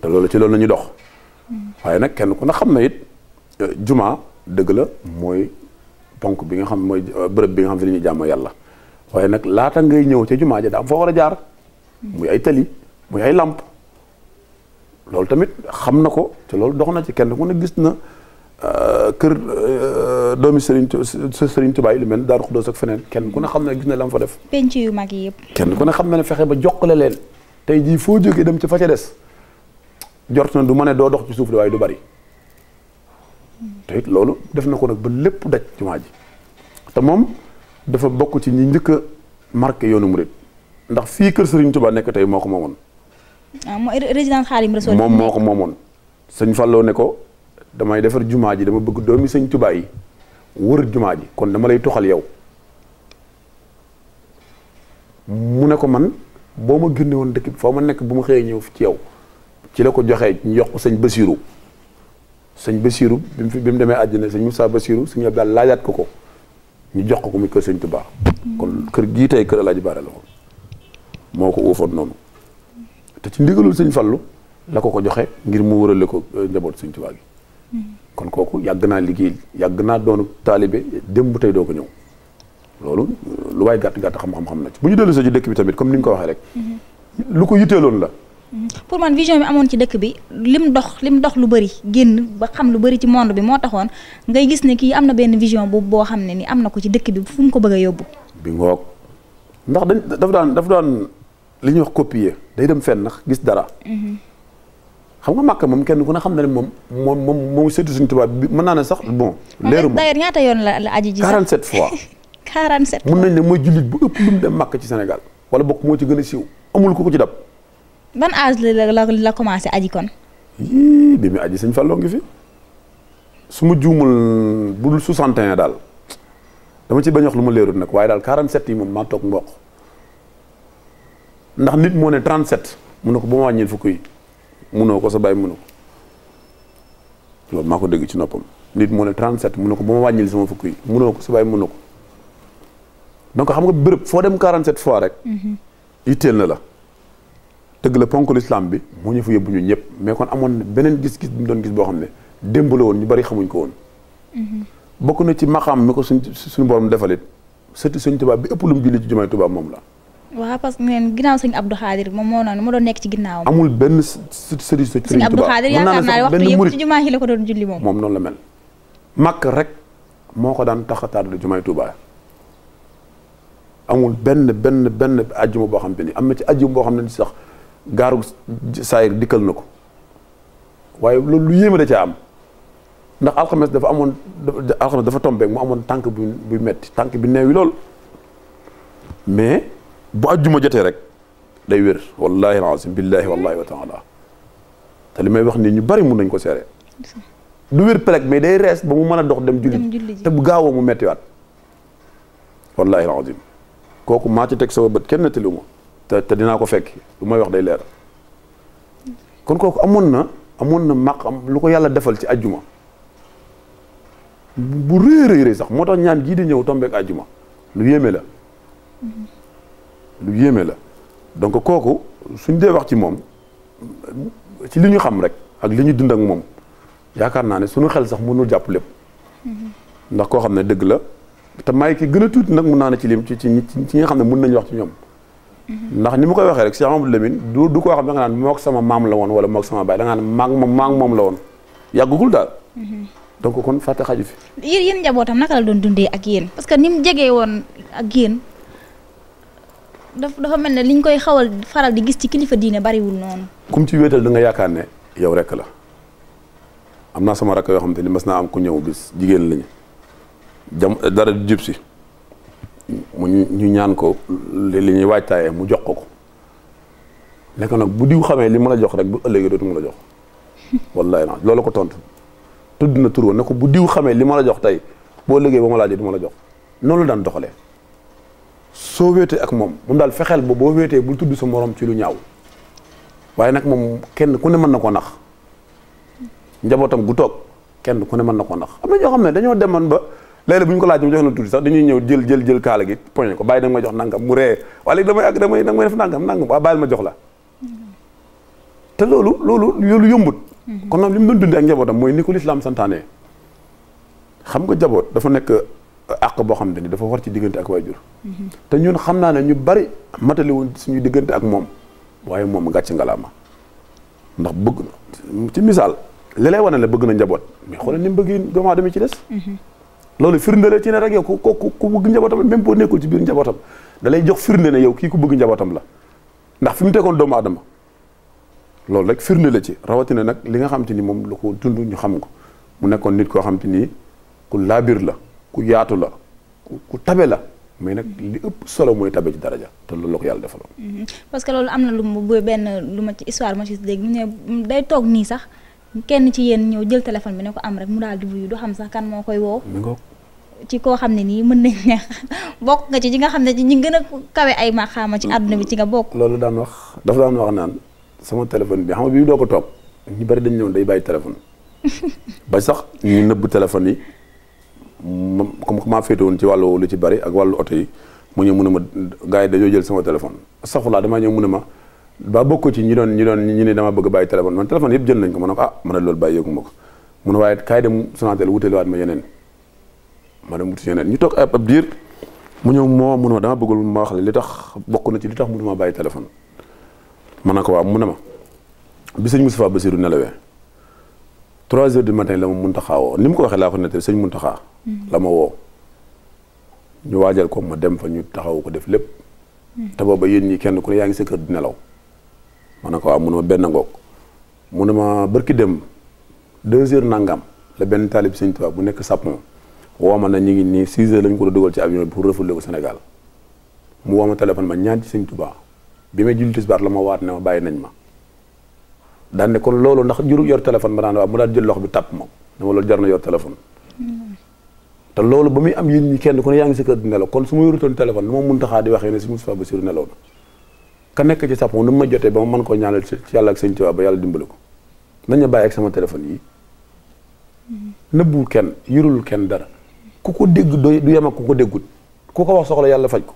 te loolu ci loolu la ñuy dox waaye nag kenn ku ne xam na it euh, jumaa dëgg la mooy ponk bi nga xam mooy euh, bërëb bi nga xam fi dañuy jàmm yàlla waaye nag laata ngay ñëw ca jumaa ji daa foo war a jaar muy ay tali muy ay làmp loolu tamit xam na ko te loolu dox na ci kenn ku ne gis na Euh, kër euh, doomi Serigne Serigne Touba yi lu mel ne Daaru Xuddoos ak feneen kenn ku ne xam ne gis na la mu fa def. penc yu mag yi yëpp. kenn ku ne xam na ne fexe ba jokkale leen tey jii foo jógee dem ci fa ca des jort na du ma ne doo dox ci suuf de waaye du bari te loolu def na ko nag ba lépp daj jumaa ji te moom dafa bokk ci ñi njëkk a marqué yoonu murid ndax fii kër Serigne Touba nekk tey moo ko moomoon. ah mooy résidence moom moo ko moomoon sëñ Fallou ne ko. damay defar jumaa ji dama bëgg doomi sañ Tuubaa yi wër jumaa ji kon dama lay toxal yow mu ne ko man boo ma génne woon dëkk foo ma nekk bu mu xëyee ñëw ci yow ci la ko joxe ñu jox ko sëñ Basiru sëñ Basiru bi mu bi mu demee àjjana sëñ Moussa Basiru sëñ Abdal laajaat ko ko ñu jox ko ko muy kër sëñ Tuubaa kon kër gii tey kër Alaaji Baara la woon moo ko uufoon noonu te ci ndigalul sëñ Fallu la ko ko joxe ngir mu wërale ko eh, njaboot sëñ Tuubaa gi kon kooku yàgg naa liggéey yàgg naa doon taalibe démb bu tey doo ko ñëw loolu lu waay gàtt gàtt xam-xam xam na ci bu ñu dellu sa ci dëkk bi tamit comme ni nga ko waxee rek lu ko yitteeloon la pour man vision bi amoon ci dëkk bi lim dox lim dox lu bari génn ba xam lu bari ci monde bi moo taxoon ngay gis ne kii am na benn vision bu boo xam ne ni am na ko ci dëkk bi fu mu ko bëgg a yóbbu bi ngoog ndax dañ daf daan daf daan li ñuy wax copier day dem fenn gis dara mhm. xam nga màkk moom kenn ku ne xam na ne moom moom moom moom sëtu suñu tubaab bi mën naa ne sax bon. leeru ma d'ailleurs ñaata yoon la la aji ji. 47 fois 47 fois mën nañ ne mooy jullit bu ëpp lu mu dem màkk ci Sénégal wala bokk moo ci gën a siiw amul ko ci dab. ban âge la la la commencé aji kon. yii bi mu sëñ Fallou ngi ma juumul budul 61 daal dama ci bañ lu ma leerul nag waaye daal 47 yi moom maa toog mboq ndax nit moo ne 37 mu na ko ba mu wàññil fukk yi. munoo ko sa baay munu ko loolu maa ko dégg ci noppam nit moo ne 37 mun ko ba ma wàññil sama fukk munoo ko sa baay munu ko donc xam nga béréb foo dem 47 fois rek. Mhm. yitteel na la. dëgg la ponk l'islam bi moo ñu fa yóbbu ñu ñëpp mais kon amoon beneen gis-gis mu ñu doon gis boo xam ne démb la woon ñu bari xamuñ ko woon. Mhm. bokk na ci maxam mi ko suñ suñu borom defalit surtout suñ tubaab bi ëpp lu mu julli ci jumaay tubaab moom la. waaw parce que neen ginnaaw sëñ Abdou Khadir moom moo noonu moo doon nekk ci ginnaawam. amul benn sëriñ sëriñ Abdou Khadir yaakaar naa waxtu yëpp rek moo ko daan taxataat lu jumaay Tuubaa amul benn benn benn ajjuma boo xam te ni am na ci ajjuma boo xam ne sax gaaru saayir dikkal na ko waaye loolu lu yéeme da caa am ndax alxames dafa amoon alxames dafa tombé mu amoon tànk bu buy metti tànk bi neewi lool mais. bu ajjuma jotee rek day wér wallahi alazim billahi wallahi wa taala te li may wax nii ñu bari mun nañ ko seere du wér pelek mais day rees ba mu mën a dox dem julli te bu gaawoo mu mettiwaat wallahi alazim kooku maa ci teg sama bët kenn nettali ma te te dinaa ko fekk lu may wax day leer kon kooku amoon na amoon na maq am lu ko yàlla defal ci ajjuma bu réy réy sax moo tax ñaan jii di ñëw tombeek ajjuma lu yéeme la mm-hmm. lu yéeme la donc kooku suñ dee wax ci moom ci li ñu xam rek ak li ñu dund ak moom yaakaar naa ne suñu xel sax nu jàpp lépp mm-hmm. ndax koo xam ne dëgg la te may ki gën a tuuti nag mun naa ne ci lim ci ci ci nga xam ne mun nañu wax ci ñoom mm-hmm. ndax ni ma koy waxee rek Cheikh Amadou Lamine du du koo xam ne da mook sama maam la woon wala mook sama baay da nga naan maag moom maag moom la woon yàggugul daal mm-hmm. donc kon fàtte xaju fi yéen njabootam naka la doon dundee ak yéen parce que ni mu woon ak yéen dafa mel ne liñ koy xawal faral di gis ci kilifa diine bariwul noonu. comme ci wéetal da nga yaakaar ne yow rek la am naa sama rakk yoo xam te ni mas naa am ku ñëw bis jigéen lañu jam dara jub si mu ñu ñaan ko li ñuy waajtaayee mu jox ko ko nekk nag bu diw xamee li ma la jox rek bu ëllëgee dootu mën a jox wallahi na loolu ko tontu tudd na tur ne ko bu diw xamee li ma la jox tey boo liggéey ba ma laajee du ma la jox noonu la daan doxalee. soo wéetee ak moom moom daal fexeel ba boo wéetee bul tudd sa morom ci lu ñaaw waaye nag moom kenn ku ne mën na koo nax njabootam gu toog kenn ku ne mën na ko nax am na xam ne dañoo demoon ba léeg bu ñu ko laaj ma jox la tuuti sax dañuy ñëw jël jël jël kaala gi poñe ko bàyyi da nga may jox mu ree waa léegi damay ak damay damay def nangam nangam waa bàyyil ma jox la te loolu loolu loolu yombut mm-hmm. kon nag li mu doon dundee ak njabootam mooy ni ko lislaam santaane xam nga jaboot dafa nekk àq boo xam ne dafa war ci diggante ak waajur mhm. te ñun xam naa ne ñu bari matali woon suñu diggante ak moom waaye moom gàcc ngalaama ndax bëgg na ci misaal li lay la bëgg na njaboot mais xoolal ni mu bëggee doomu aadama ci des mhm. loolu firnde la ci ne rek yow ku ku ku bëgg njabootam même boo nekkul ci biir njabootam da jox firnde ne yow kii ku bëgg njabootam la ndax fi mu tegoon doomu aadama loolu rek firnde la ci rawatina nag li nga xam te ni moom lu ko dund ñu xam ko mu nekkoon nit koo xam te ni ku laabir la ku yaatu la ku tabe la mais nag li ëpp solo mooy tabe ci daraja te loolu la ko yàlla defaloon. Mhm. parce que loolu am na lu mu benn lu ma ci histoire ma ci dégg mu ne day toog nii sax kenn ci yéen ñëw jël téléphone bi ne ko am rek mu daal di wuyu du xam sax kan moo koy woo. ci koo xam ne nii mën nañ ne bokk nga ci ñi nga xam ne ñi gën a kawe ay maxaama ci àdduna bi ci nga bokk. loolu daan wax dafa daan wax naan sama téléphone bi xam nga bii doo ko toog ñu bari dañ ñëw day bàyyi téléphone ba sax ñu nëbb yi. comme maa féete woon ci wàllu lu ci bari ak wàllu oto yi mu ñëw mun ma gaa yi dañoo jël sama téléphone saxulaa damaa ñëw mun a ma ba bokk ci ñi doon ñi doon ñi ne dama bëgg bàyyi téléphone man téléphone yëpp jël nañ ko ma ne ko ah a loolu bàyyi yëgu ma ko mun a kaay dem Sonatel wutali waat ma yeneen ma dem wuti yeneen ñu toog ab ab diir mu ñëw moo mun ma dama bëggul ma li tax bokk na ci li tax mënuma bàyyi téléphone ma ne ko waaw mun ma bi sëñ Moustapha Bassirou nelawee trois heures du matin la ma mun woo ni mu ko waxee laa ko nettali sëñ Muntaxa mm. la ma woo ñu waajal ko ma dem fa ñu taxaw ko def lépp mm. te ba yéen ñi kenn ku ne yaa ngi sa kër nelaw ma ne ko waaw munuma benn ngoog ma bërki dem deux heures nangam la benn taalib sëñ Tuubaa bu nekk Sapon woo ma na ñu ngi nii six heures lañ ko doon dugal ci avion bi pour refoulé ko Sénégal mu woo ma téléphone ma ñaan ci sëñ Tuubaa bi may julli tisbaar la ma waat ne bàyyi nañ ma daan ne kon loolu ndax juru yor téléphone ma daan waaw mu daal jël loxo bi tàpp ma dama loolu jar na yor téléphone te loolu ba muy am yi ñi kenn ku yaa ngi sa kër di nelaw kon su ma yorutoon téléphone lu ma mun taxaa di waxee ne si Moustapha Bassirou ma jotee ba ma mën koo ñaanal ci yàlla ak sëñ Tuubaa ba yàlla dimbali ko nañ bàyyi ak sama téléphone yi nëbbul kenn yurul kenn dara ku ko dégg doy du yem ak ku ko déggut ku ko wax soxla yàlla faj ko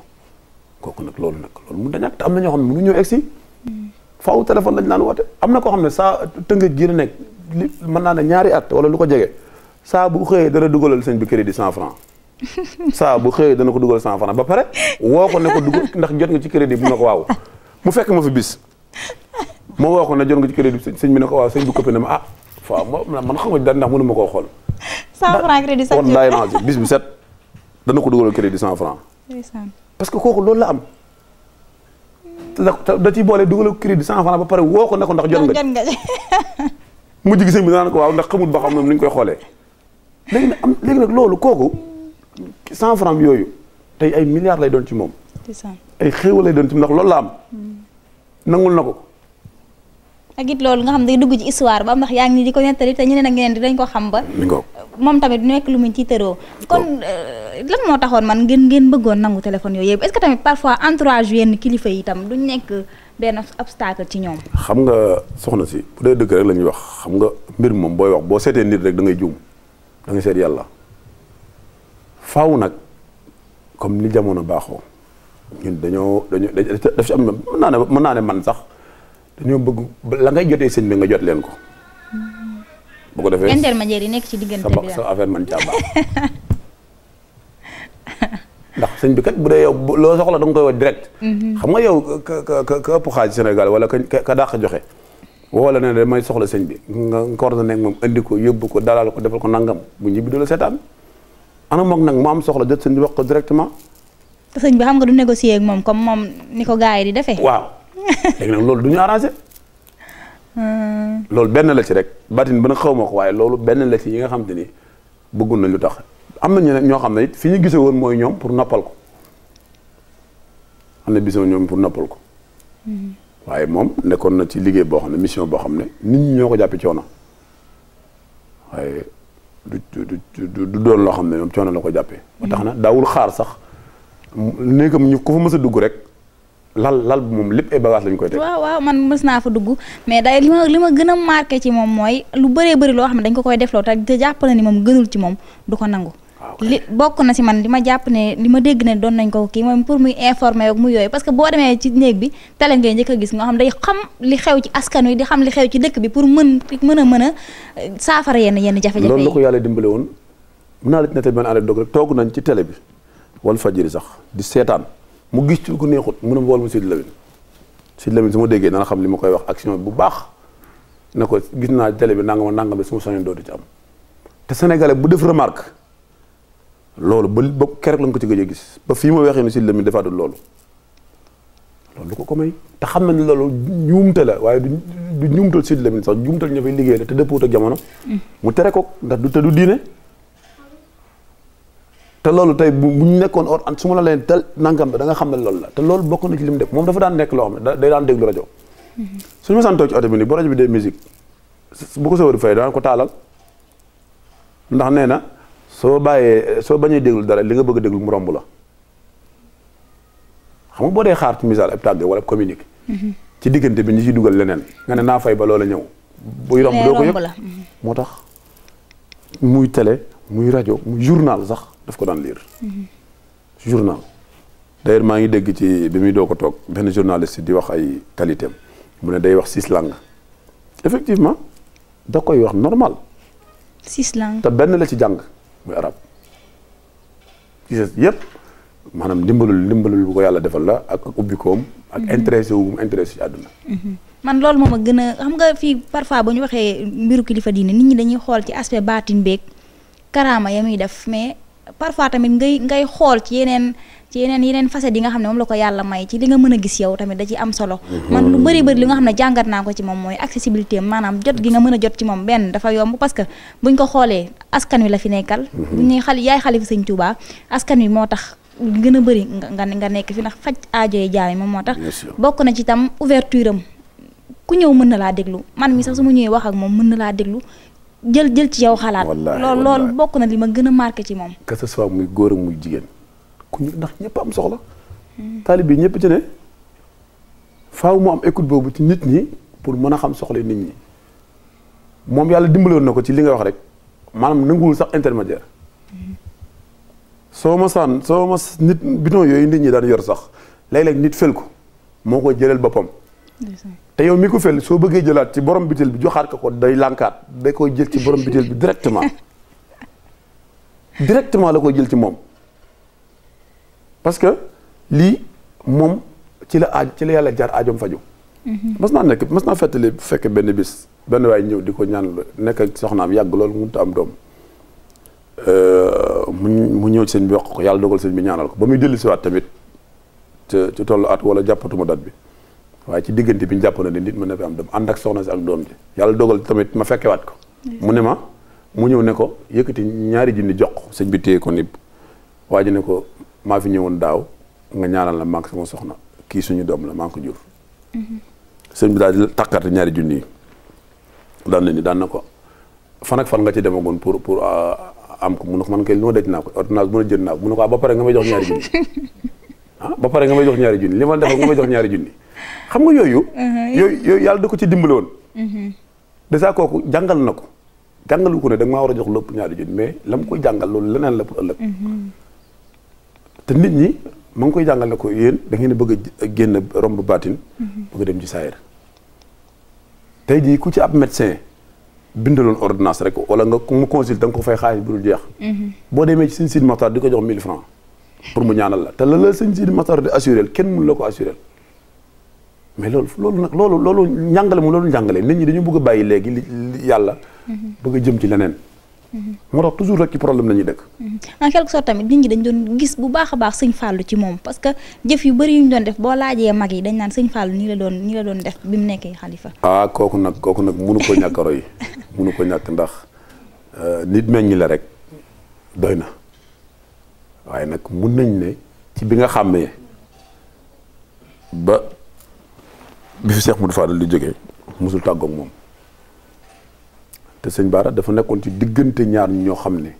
kooku nag loolu nag loolu mun dañàkk te am na ñoo xam ne mënu ñoo egsi faaw téléphone lañ naan woote am na koo xam ne saa tëngëj gi la nekk li mën naa ne ñaari at wala lu ko jege saa bu xëyee dana dugalal sëñ bi crédit cent franc saa bu xëyee dana ko dugal cent franc ba pare woo ko ne ko dugal ndax jot nga ci crédit bi mu ko waaw mu fekk ma fi bis ma woo ko ne jot nga ci crédit sëñ bi ne ko waaw sëñ bi copie ne ma ah ma man xam nga daan ndax mënu ma koo xool. cent franc crédit sax wallaay bis dana ko dugalal crédit cent parce que kooku loolu la am. da ciy boole dugal crédit cent franc ba pare woo ko ne ko ndax jot nga mujj gi sëñ bi naan ko waaw ndax xamul ba xam ne ni ñu koy xoolee léegi nag am léegi nag loolu kooku cent franc yooyu tey ay milliards lay doon ci moom ay xéewal lay doon ci ndax loolu la am hmm. nangul na ko ak it loolu nga xam day dugg ci histoire ba am ndax yaa ngi ni di ko nettali te ñeneen ak ñeneen dinañ ko xam ba moom tamit nekk lu mu ci tëroo kon euh, lan moo taxoon man ngeen ngeen bëggoon nangu téléphone yooyu yëpp est-ce que tamit parfois entourage yenn kilifa yi itam duñ ci ñoom xam nga soxna si bu dee la ñuy wax xam nga mbir moom booy boo seetee nit rek da ngay juum da ngay seet yàlla faaw nag comme ni jamono baaxoo ñun dañoo dañoo daf ci am mën mën naa ne man sax dañoo bëgg la ngay jotee sëñ bi nga jot leen ko. bu ko defee intermédiaire yi nekk ci diggante bi sa affaire man caa baax ndax sëñ bi kat bu dee yow loo soxla da nga koy wax direct. Mhm. xam nga yow ka ka ka ëpp xaaj Sénégal wala ka ka dàq joxe. woo la ne damay soxla sëñ bi nga nga war na moom indi ko yóbbu ko dalal ko defal ko nangam bu ñibbi du la seetaan ana moom nag mu am soxla jot sëñ bi wax ko directement. te sëñ bi xam nga du négocier ak moom comme moom ni ko gars yi di defee. léegi nag loolu du ñu arrangé. Hmm. loolu benn la ci rek batin ba na xaw ma ko waaye loolu benn la ci yi nga xam te ni bëggun nañ lu tax am na ñeneen ñoo xam ne it fi ñu gisee woon mooy ñoom pour noppal ko am na bisoon ñoom pour nappal ko. Hmm. waaye moom nekkoon na ci liggéey boo xam ne mission boo xam ne nit ñi ñoo ko jàppee coono waaye du du doon loo xam ne moom coono la ko jàppee. ba tax na daawul xaar sax néegam ñu ko fa mës dugg rek. lal lal bi moom lépp ay bagage lañ koy teg. waaw waaw man mës naa fa dugg mais day li ma li ma gën a marqué ci moom mooy lu bëree bëri loo xam ne dañ ko koy defloo te jàpp na ni moom gënul ci moom du ko nangu. Ah, li bokk na si man li ma jàpp ne li ma dégg ne doon nañ ko kii moom pour muy informer ak mu yooyu parce que boo demee ci néeg bi tele ngay njëkk a gis nga xam day xam li xew ci askan wi di xam li xew ci dëkk bi pour mën mën a mën a euh, saafara yenn yenn jafe-jafe yi loolu la ko yàlla dimbale woon mën naa la ci nettali benn anecdote rek toog nañ ci télé bi wal fajiri sax di seetaan mu gis ci ko neexut mu ne ma wol ma Sidi Lamine Sidi Lamine su ma déggee dana xam li ma koy wax action bu baax ne ko gis naa télé bi nangama nangame suma ma soñoon dootu ci am te sénégalais bu def remarque loolu ba ba keroog lañ ko ci gëj gis ba fii ma waxee ni Sidi Lamine defaatul loolu loolu du ko ko te xam na ne loolu njuumte la waaye du njuumtal Sidi Lamine sax njuumtal ña fay liggéey la te dëppoot ak jamono mm. mu tere ko ndax du te du diine te loolu tey bu bu ñu nekkoon or su ma la leen tel nangam da danga xam ne loolu la te loolu bokk na ci li mu def moom dafa daan nekk loo xam ne day daan déglu rajo. Mm-hmm. suñu ma santoo ci oto bi nii bu rajo bi dee musique bu ko sawar fay daan ko taalal nee na soo bàyyee soo bañee déglu dara li nga bëgg a déglu mu romb la xam nga boo dee xaar ci misaal ab tàgge wala communique. Mm-hmm. ci diggante bi ñu ciy dugal leneen nga ne naa fay ba loola ñëw. buy romb doo ko yëg moo tax muy télé muy rajo muy journal sax. daf ko daan lire. journal d'ailleurs maa ngi dégg ci bi muy doo ko toog benn journaliste di wax ay qualité am mu ne day wax six langues effectivement da koy wax normal. six langues te benn la ci jàng muy arab ci maanaam ndimbalul ndimbalul bu ko yàlla defal la ak ubbikoom ak mhm. intéressé wu mu intéressé ci àdduna. Mhm. man loolu moom a gën a xam nga fii parfois bu ñu waxee mbiru kilifa diine nit ñi dañuy xool ci aspect baatin beeg karaama ya muy def mais. parfois tamit ngay ngay xool ci yeneen ci yeneen yeneen facette yi nga xam ne moom la ko yàlla may ci li nga mën a gis yow tamit da am solo mhm. man lu bëri bëri li nga xam ne jàngat naa ko ci moom mooy accessibilité maanaam jot gi mën a jot ci moom benn dafa yomb parce que buñ ko xoolee askan wi la fi nekkal bu mhm. xal yaay xalifa sëñ Tuubaa askan wi moo tax gën a bëri nga nga nekk fi ndax faj aajoye jaami moom moo tax bokk na ci tam ouverture am ku ñëw mën na laa déglu man mi sax su ma ñëwee wax ak moom mën na laa déglu jël jël ci yow xalaat. lool loolu bokk na li ma gën a marqué ci moom. que ce muy góor ak muy jigéen ku ñu ndax ñëpp am soxla. taalib yi ñëpp ci ne faw mu am écoute boobu ci nit ñi pour mën a xam soxla nit ñi moom yàlla dimbaloon na ko ci li nga wax rek maanaam nanguwul sax intermédiaire soo ma saan soo ma nit bidon yooyu nit ñi daan yor sax léeg-léeg nit fël ko moo koy jëlal boppam. yow mi ko fel soo bëggee jëlaat ci borom bitel bi joxaat ko ko day lankaat da koy jël ci borom bitel bi directement directement la koy jël ci moom parce que lii moom ci la aaj ci la yàlla jaar aajom faju mhm. mas naa nekk mas naa fettali bu fekkee benn bis benn waay ñëw di ko ñaan nekk ak soxnaam yàgg loolu mënut am doom euh, mu ñëw sëñ bi wax ko yàlla dogal seen bi ñaanal ko ba muy si waat tamit ci tollu at wala jàppatuma dat bi waaye ci diggante bi ñu jàppoon ne nit mën na bi am doom ànd ak soxna si ak doom ji yàlla dogal tamit ma fekkewaat ko mu ne ma mu ñëw ne ko yëkkati ñaari junni jox sëñ bi téye ko ni waa ji ne ko maa fi ñëwoon daaw nga ñaanal la maak sama soxna kii suñu doom la maa ngi ko mm-hmm. bi daal di takkati ñaari junni yi daan na ni daan na ko fan ak fan nga ci demagoon pour pour ah, am ko mu ne ko man kay li ma daj naa ko ordonnance bu ne jënd naa ko mu ne ko ah, ba jox ñaari junni ah ba pare nga may jox ñaari junni li ma def nga may jox ñaari junni xam nga yooyu. Mhm. yooyu yàlla da ko ci dimbale woon. Mhm. dèjà kooku jàngal na ko jàngalu ko ne da ma war a jox lépp ñaari junni mais la mu koy leneen la pour ëllëg. Mhm. te nit ñi ma ngi koy jàngal ne ko yéen da ngeen bëgg a génn romb baatin. bëgg a dem ci saayir tey jii ku ci ab médecin bindaloon ordonnance rek wala nga mu consulte da nga ko fay xaalis bu dul jeex. boo demee ci sëñ Sidi di ko jox 1000 francs pour mu ñaanal la te la la sëñ Sidi Maxtaar di assuré kenn mun la ko assuré. mais loolu loolu nag loolu loolu njàngale mu loolu njàngale nit ñi dañu bëgg a bàyyi léegi li yàlla. bëgg a jëm ci leneen. moo tax toujours rek ci problème la ñuy dëkk. en quelque sorte tamit nit ñi dañ doon gis bu a baax sëñ Fallou ci moom parce que jëf yu bëri yu ñu def boo laajee mag yi dañ naan sëñ Fallou nii la doon nii la doon def bi mu nekkee xalifa. ah kooku nag kooku nag munu ko ñàkk roy munu ko ñàkk ndax euh, nit meññ la rek doy na waaye nag mun nañ ne ci bi nga xàmmee ba. bi fi Cheikh Modou Fadal di jógee mosul tàggoog moom te sëñ Baara dafa nekkoon ci diggante ñaar ñoo xam ne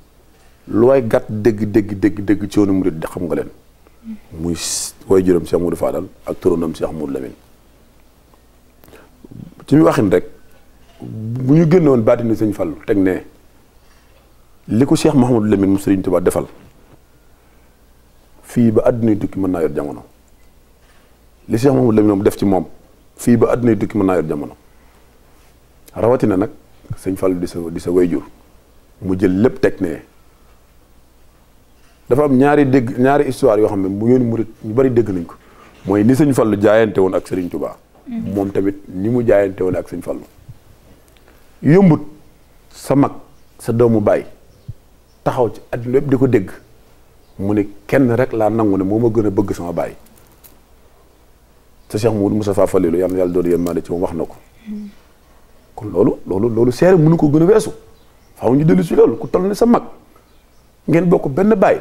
lu waay gàtt dégg dégg dégg dégg ci yoonu murid xam nga leen muy way juróom Cheikh Modou Fadal ak turandoom Cheikh Modou Lamine ci mu rek bu ñu génnoon baatinu sëñ Fallu teg li ko Cheikh Mouhamadou Lamine mu Sëriñ Tuubaa defal fii ba àdduna tukki mën naa jamono li Cheikh Mouhamadou Lamine def ci moom fii ba àdduna tukki mën naa yor jamono rawatina nag sëñ Fallou di sa di sa wayjur mu jël lépp teg ne dafa am ñaari dégg ñaari histoire yoo xam ne mu yoonu murit ñu bari dégg nañ ko mooy ni sëñ lu jaayante woon ak Serigne Touba. Mm-hmm. moom tamit ni mu jaayante woon ak sëñ Fallou. yombut sa mag sa doomu baay taxaw ci àdduna yëpp di ko dégg mu ne kenn rek laa nangu ne moo ma gën a bëgg sama baay. sa Cheikh Mouhamadou Moustapha Falilou yàlla na yàlla doon yërmande ci moom wax na ko kon loolu loolu loolu seere mënu koo gën a weesu faaw ñu dellu si loolu ku toll ni sa mag ngeen bokk benn baay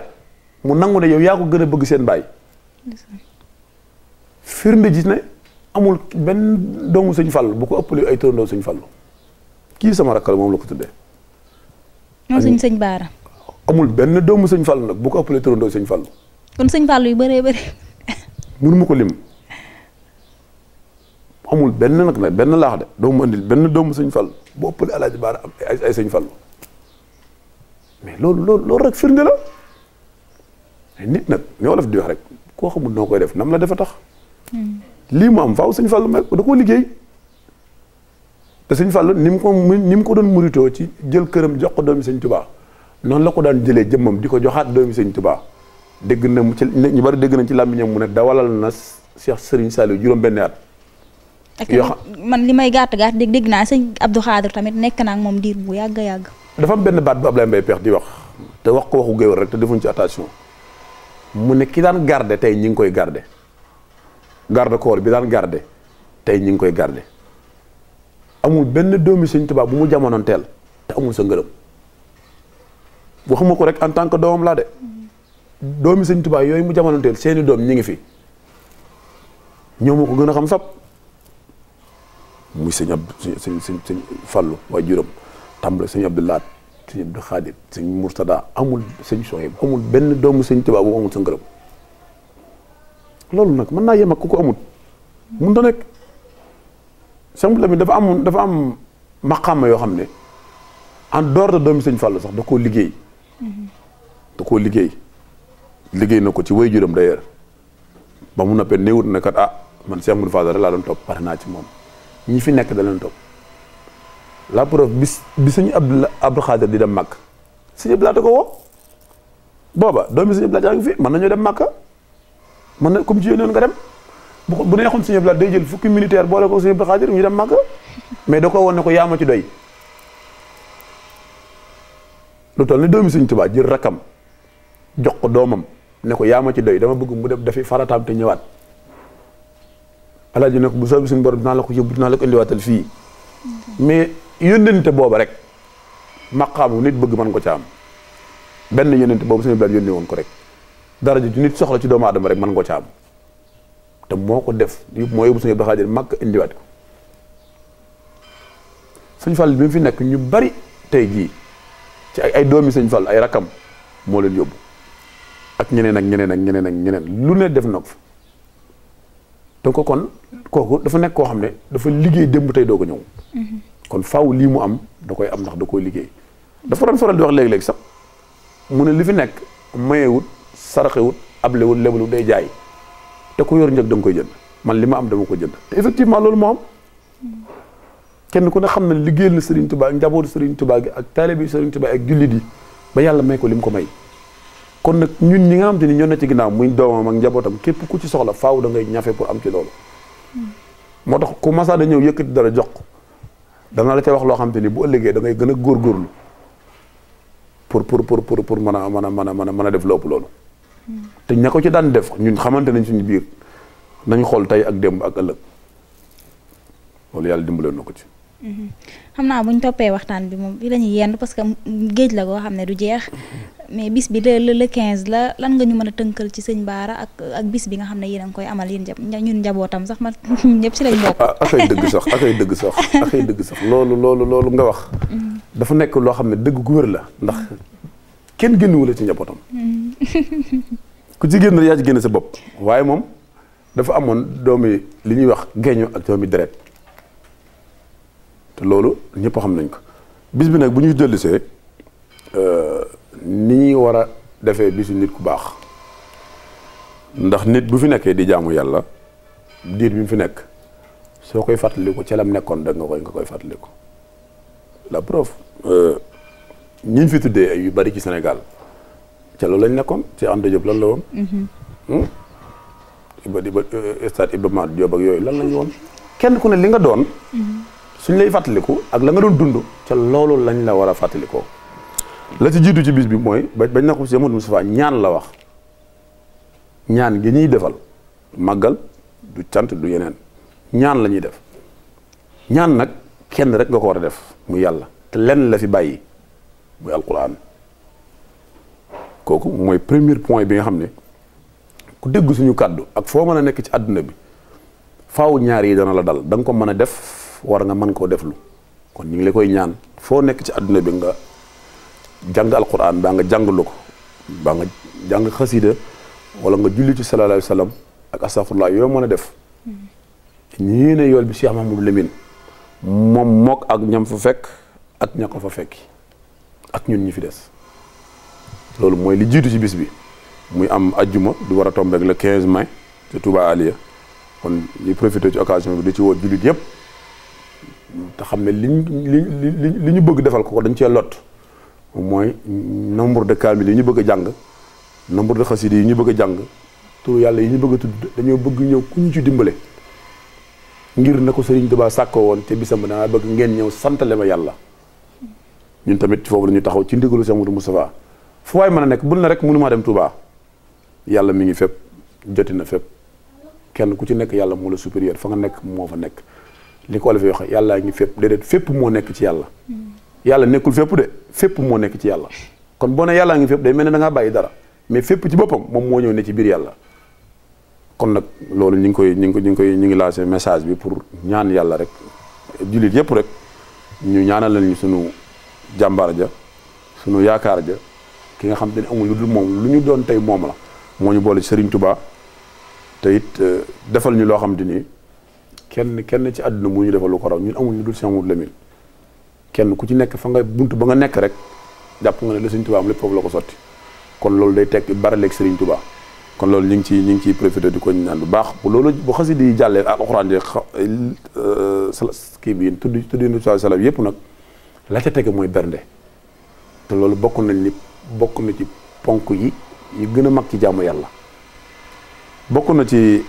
mu nangu ne yow yaa ko gën a bëgg seen baay firnde ji ne amul benn doomu sëñ Fall bu ko ëppalee ay turandoo sëñ Fall sama rakkal moom la ko tuddee. moom sëñ sëñ Baara. amul benn doomu sëñ Fall nag bu ko ëppalee turandoo yu bëree bëri. mënu ko lim. amul benn nag nag benn laax de doo mu benn doomu suñ fal boo ëppale Alaaji Baara am ay ay fal mais loolu loolu loolu rek firnde la nit nag li wolof di rek koo xamul noo koy def nam la dafa tax. Hmm. lii mu am faaw sëñ Fall ma da koo liggéey te sëñ Fall ni mu ko ni mu ko doon muritoo ci jël këram jox ko doomi suñ Tubaa noonu la ko daan jëlee jëmmam di ko joxaat doomi sëñ Tubaa dëgg na mu ci ñu bari dëgg nañ ci làmmiñam mu ne dawalal na Cheikh Serigne Saliou juróom-benni at. yoo xam man li may gàtt gàtt dégg naa sëñ Abdou Khadir tamit nekk naa moom diir bu yàgg yàgg. dafa am benn baat bu Ablaye Mbaye Pekh di wax te ko waxu géwél rek te defuñ ci attention mu ne ki daan garde tey ñi ngi koy garde garde corps bi daan garde tey ñi ngi koy garde amul benn doomi sëñ Tuubaa bu mu jamonoon te amul sa ngërëm waxuma ko rek en tant que doomam laa de doomi sëñ Tuubaa yooyu mu jamonoon seeni doom ñi ngi fi ñoo ma ko gën a xam sab mu sëñ ab sëñ sëñ sëñ Fallou waaye juróom tàmbale sëñ Abdou Lahat sëñ Abdou Khadir sëñ Mourtada amul sëñ Sohayb amul benn doomu sëñ Tuubaa bu amul sa ngërëm loolu nag mën naa yem ak ko amul mun na nekk sëñ Lamine am dafa am maqaama yoo xam ne en dehors de doomi sëñ Fallou sax da koo liggéey mm-hmm. da koo liggéey liggéey na ko ci way juróom d'ailleurs ba mu noppee wut na kat a ah, man Cheikh Moudou Fadal rek laa doon topp pare naa ci moom ñi fi nekk da leen topp la preuve bis bi suñu Abdou Abdou Khadir di dem mag Màkk suñu blaata ko woo booba doomi suñu blaata ngi fi mën nañoo dem Màkka mën na comme ci yéen nga dem bu bu neexoon suñu blaata day jël fukki militaire boole ko suñu Abdou Khadir ñu dem mag mais da ko woon ne ko yaa ma ci doy lu toll ni doomi suñu Tuubaa jël rakam jox ko doomam ne ko yaa ma ci doy dama bëgg mu def dafi farataam te ñëwaat. alaaji ne ko bu soobee suñu borom dinaa la ko yóbbu dinaa la ko indiwaatal fii mais yónnente booba rek maqaamu nit bëgg man ko ca am benn yónnente boobu suñu bilaat yónni woon ko rek daraja ju nit soxla ci doomu aadama rek mën ko ca am te moo ko def moo yóbbu suñu bilaat màkk indiwaat ko sëñ Fall bi mu fi nekk ñu bari tey jii ci ay ay doomi sëñ Fall ay rakam moo leen yóbbu ak ñeneen ak ñeneen ak ñeneen ak ñeneen lu ne def na donc kon kooku dafa nekk koo xam ne dafa liggéey bu tey doo ko ñëw. kon faw lii mu am da koy am ndax da koy liggéey. dafa doon faral di wax léeg-léeg sax mu ne li fi nekk mayewut saraxewut ablewut leblewut day jaay te ku yor njëg da koy jënd man li ma am dama ko jënd te effectivement loolu moo am. kenn ku ne xam na liggéeyal na Serigne Touba ak njabootu Serigne Touba gi ak taalibe bi Serigne Touba ak jullit yi ba yàlla may ko li mu ko may. kon nag ñun ñi nga xam te ni ñoo ne ci ginnaaw muy doomam ak njabootam képp ku ci soxla faaw da ngay ñafe pour am ci loolu. moo tax ku masaa da ñëw yëkkati dara jox ko dana la ca wax loo xam te ni bu ëllëgee da ngay gën a góorgóorlu pour pour pour pour pour mën a mën a mën a mën a mën a def lépp te ña ko ci daan def ñun xamante nañ suñu biir nañ xool tey ak démb ak ëllëg loolu yàlla dimbale na ko ci. Mm-hmm. xam naa bu ñu toppee waxtaan bi moom fi la ñuy yendu que géej la goo xam ne du jeex mais bis bi le le quinze la lan nga ñu mën a tënkal ci sëñ Baara ak ak bis bi nga xam ne yéen a ngi koy amal yéen ñun njabootam sax man ñëpp si lañ bokk. Ah, ah, ak dëgg sax ak ay dëgg sax ak sax loolu loolu loolu nga wax. Mm-hmm. dafa nekk loo xam ne dëgg gu wér la ndax kenn génnuwu ci njabootam. Mm-hmm. ku ci génn yaa ci génn sa bopp waaye moom dafa amoon doomi li ñuy wax géeño ak doomi deret te loolu ñëpp xam nañ ko bis bi nag bu ñuy dellusee ni ñuy war a defee bisu nit ku baax ndax nit bu fi nekkee di jaamu yàlla diir bi mu fi nekk soo koy fàttaliku ca lam nekkoon da nga koy nga koy fàttaliku la preuve euh, ñi ñu fi tuddee yu bari ci senegal ca loolu lañ nekkoon ci Anta Diop lan la woon. Mhm. Hmm? Iba Iba euh, stade Iba Mar Diop yooyu lan lañ woon kenn ku ne li nga doon. Mhm. suñ lay fàttaliku ak la nga doon dund ca loolu lañ la war a fàttalikoo la si jiitu ci bis bi mooy bañ na ko si Amadou Moustapha ñaan la wax ñaan gi ñuy defal màggal du cant du yeneen ñaan la ñuy def ñaan nag kenn rek nga ko war a def mu yàlla te lenn la fi bàyyi muy alquran kooku mooy premier point bi nga xam ne ku dégg suñu kàddu ak foo mën a nekk ci àdduna bi faaw ñaar yi dana la dal da nga ko mën a def def war nga mën koo deflu kon ñu ngi la koy ñaan foo nekk ci àdduna bi nga jàng alquran baa nga jàng lu ko baa nga jàng xasida wala nga julli ci sallallahu alayhi wa ak astafurlah yoo mën a def mm-hmm. ñii ne yool bi Cheikh Mahamadou Lamine moom mook ak ñam fa fekk ak ña fa fekki ak ñun ñi fi des loolu mooy li jiitu ci bis bi muy am ajjuma du war a tombeek le 15 mai te Touba Aliya kon ñu profité ci occasion bi di ci woo jullit yëpp te xam ne li li li ñu bëgg defal ko ko dañ cee lot mooy nombre de kaamil yi ñu bëgg a jàng nombre de ñu bëgg a jàng turu yàlla yi ñu bëgg tudd dañoo bëgg ñëw ku ñu ci dimbale ngir na ko Sëriñ Tuubaa sàkko woon te bisam danaa bëgg ngeen ñëw santale ma yàlla ñun tamit foofu la ñu taxaw ci ndigalu Cheikh Moudou Moustapha fu waay mën a nekk bul na rek mënumaa dem Touba yàlla mi ngi fépp joti na fépp kenn ku ci nekk yàlla moo la supérieur fa nga nekk moo fa nekk li ko olof yi wax yàllaa ngi fépp déedéet fépp moo nekk ci yàlla yàlla nekkul fépp de fépp moo nekk ci yàlla kon boo ne yàllaa ngi fépp day mel ne da ngaa bàyyi dara mais fépp ci boppam moom moo ñëw ne ci biir yàlla kon nag loolu ñu ngi koy ñu ngi koy ñu ngi koy ñu ngi lancé message bi pour ñaan yàlla rek jullit yëpp rek ñu ñaanal lañu sunu jàmbaar ja sunu yaakaar ja ki nga xam te ne amul lu ñu doon tey moom la moo ñu boole Serigne Touba te it euh, defal ñu loo xam te ni kenn kenn ci àdduna mu ñu defal lu ko raw ñun amul ñu dul Cheikh Mouhamadou Lamine kenn ku ci nekk fa nga bunt ba nga nekk rek jàpp nga ne la Serigne Touba am lépp foofu la ko sotti kon loolu day tekki baraleeg Serigne Touba kon loolu ñu ngi ciy ñu ngi ciy profité di ko ñaan bu baax bu loolu bu xasida yi jàllee ah, alxuraan ji eh, euh, kii bi tudd tudd yéen a salaf yëpp nag la ca tege mooy bernde te loolu bokk nañ ni bokk na ci ponk yi yu gën a mag ci jàmm yàlla bokk na ci.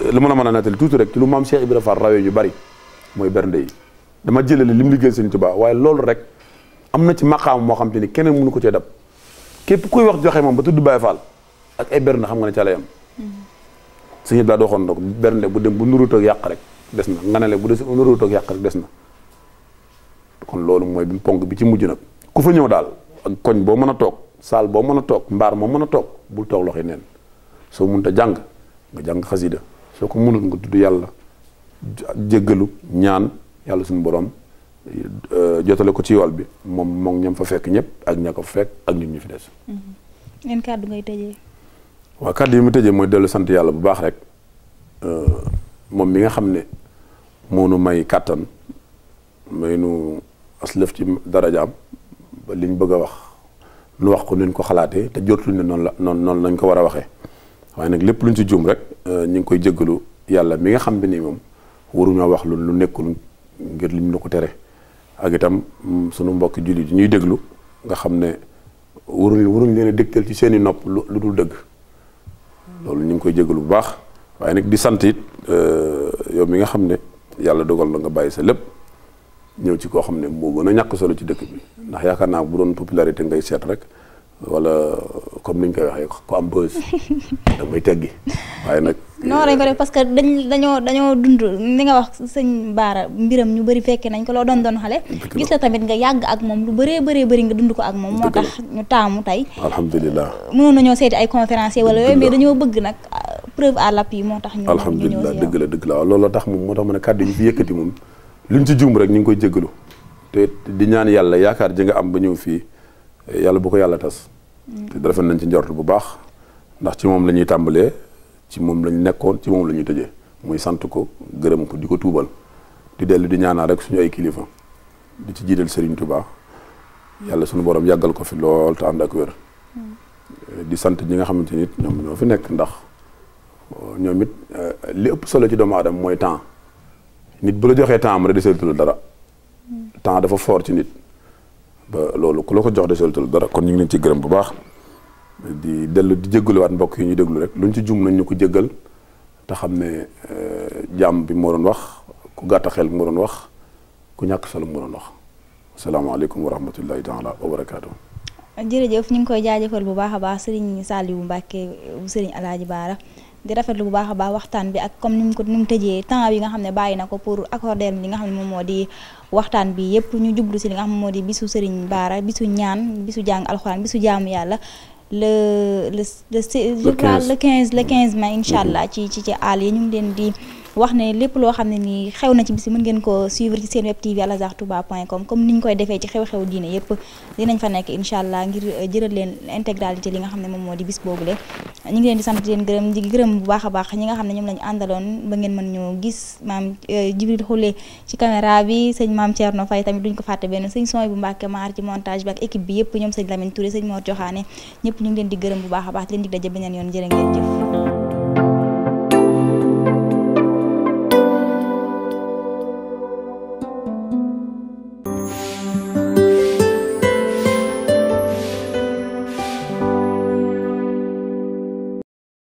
li ma a mën a nettali tuuti rek ci lu maam Cheikh Ibra Fall rawee ñu bari mooy bernde yi dama jëlale li mu liggéey Sëñ Tuubaa waaye loolu rek am na ci maqaam moo xam te ni keneen mënu ko cee dab képp kuy wax joxe moom ba tudd Baye Fall ak ay bernde xam nga ne ca lay am sëñ Ibrahima doxoon na ko bu dem bu nuruut yàq rek des na nga ne bu des nuruut ak yàq rek des na kon loolu mooy bi ponk bi ci mujj nag ku fa ñëw daal ak koñ boo mën a toog saal boo mën a toog mbaar moo mën a toog bul toog loxo neen soo mënta jàng nga jàng xasida soo ko mënul nga tudd yàlla jéggalu ñaan yàlla suñu borom jotale ko ci yool bi moom moom ñam fa fekk ñëpp ak ña ko fekk ak ñun ñu fi des. ngeen mm-hmm. kàddu ngay tëjee. waaw kàddu yi mu tëjee mooy dellu sant yàlla bu baax rek euh, moom mi nga xam ne moo nu may kàttan may nu aslëf ci darajaam ba liñ bëgg a wax nu wax ko nuñ ko xalaatee te jotul ne noonu la noonu noonu lañ ko war a waxee. waaye nag lépp luñ ci juum rek euh, ñu ngi koy jéggalu yàlla mi nga xam ne nii moom waruñoo wax lu lu nekkul ngir luñ la ko tere ak itam mm, sunu mbokk jullit yi ñuy déglu nga xam ne waruñ waruñ leen a ci seeni nopp lu lu dul dëgg loolu ñu ngi koy jéggalu bu baax waaye nag di sant it euh, yow mi nga xam ne yàlla dogal na nga bàyyi sa lépp ñëw ci koo xam ne moo gën a ñàkk solo ci dëkk bi ndax yaakaar naa bu doon popularité ngay seet rek wala comme ni ñu koy waxee ku am bës da may teggi waaye nag. non dañ parce que dañ dañoo dañoo dund ni nga wax sëñ Baara mbiram ñu bëri fekkee nañ ko loo doon doon xale. gis la tamit nga yàgg ak moom lu bëree bëree bëri nga dund ko ak moom. moo tax ñu taamu tey. alhamdulilah mënoon nañoo seeti ay conférenciers wala yooyu mais dañoo bëgg nag ah, preuve à l'appui moo tax. ñu alhamdulilah dëgg la dëgg la waaw looloo tax moom moo tax ma ne kàddu yi fi yëkkati moom luñ ci juum rek ñu ngi koy jégalu te di ñaan yàlla yaakaar ji am ba ñëw fii yàlla bu ko yàlla tas. Mm. te rafet nañ ci njort bu baax ndax ci moom la ñuy tàmbalee ci moom la nekkoon ci moom la ñuy tëjee muy sant ko gërëm ko di ko tuubal di dellu di ñaanal rek suñu ay kilifa di ci jiital Serigne Touba yàlla suñu borom yàggal ko fi lool te ànd ak wér. Mm. di sant ñi nga xamante ni ñoom ñoo fi nekk ndax uh, ñoom it uh, li ëpp solo ci doomu aadama mooy temps nit bu la joxee temps am rek la dara mm. temps dafa fort ci nit. ba loolu ku la ko jox desaltul dara kon ñu ngi leen ci gërëm bu baax di dellu di waat mbokk yi ñu déglu rek luñ ci jum nañ ñu ko jéggal te xam ne eh, jàmm bi moo doon wax ku gàtta xel moo doon wax ku ñàkk solo moo doon wax asalaamaaleykum wa rahmatullahi taala wa barakaatu. jërëjëf ñu ngi koy jaajëfal bu baax a baax sëriñ Saliou Mbacke sëriñ Alaaji Baara di rafetlu bu baax a baax waxtaan bi ak comme ni mu ko ni mu tëjee temps yi nga xam ne bàyyi na ko pour accorder li nga xam ne moom moo di waxtaan bi yépp ñu jublu si li nga xam ne moo di bisu Serigne Bara bisu ñaan bisu jàng alxuraan bisu jaamu yàlla le le le quinze crois le 15 le 15 allah ci ci ci àll yi ñu ngi leen di. wax ne lépp loo xam ne nii xew na ci bis mën ngeen ko suivre ci seen web tv alazhar touba point com comme niñ koy defee ci xew-xew diine yëpp dinañ fa nekk incha allah ngir jëral leen intégralité li nga xam ne moom moo di bis boobule ñu ngi leen di sant leen gërëm di gërëm bu baax a baax ñi nga xam ne ñoom lañu àndaloon ba ngeen mën ñoo gis maam euh, Jibril Xule ci caméra bi sëñ maam Thierno Faye tamit duñ ko fàtte benn sëñ sooy bu Mbàkke maar ci montage bi ak équipe ñu ngi leen di gërëm bu baax a baax di leen dig daje beneen yoon jërë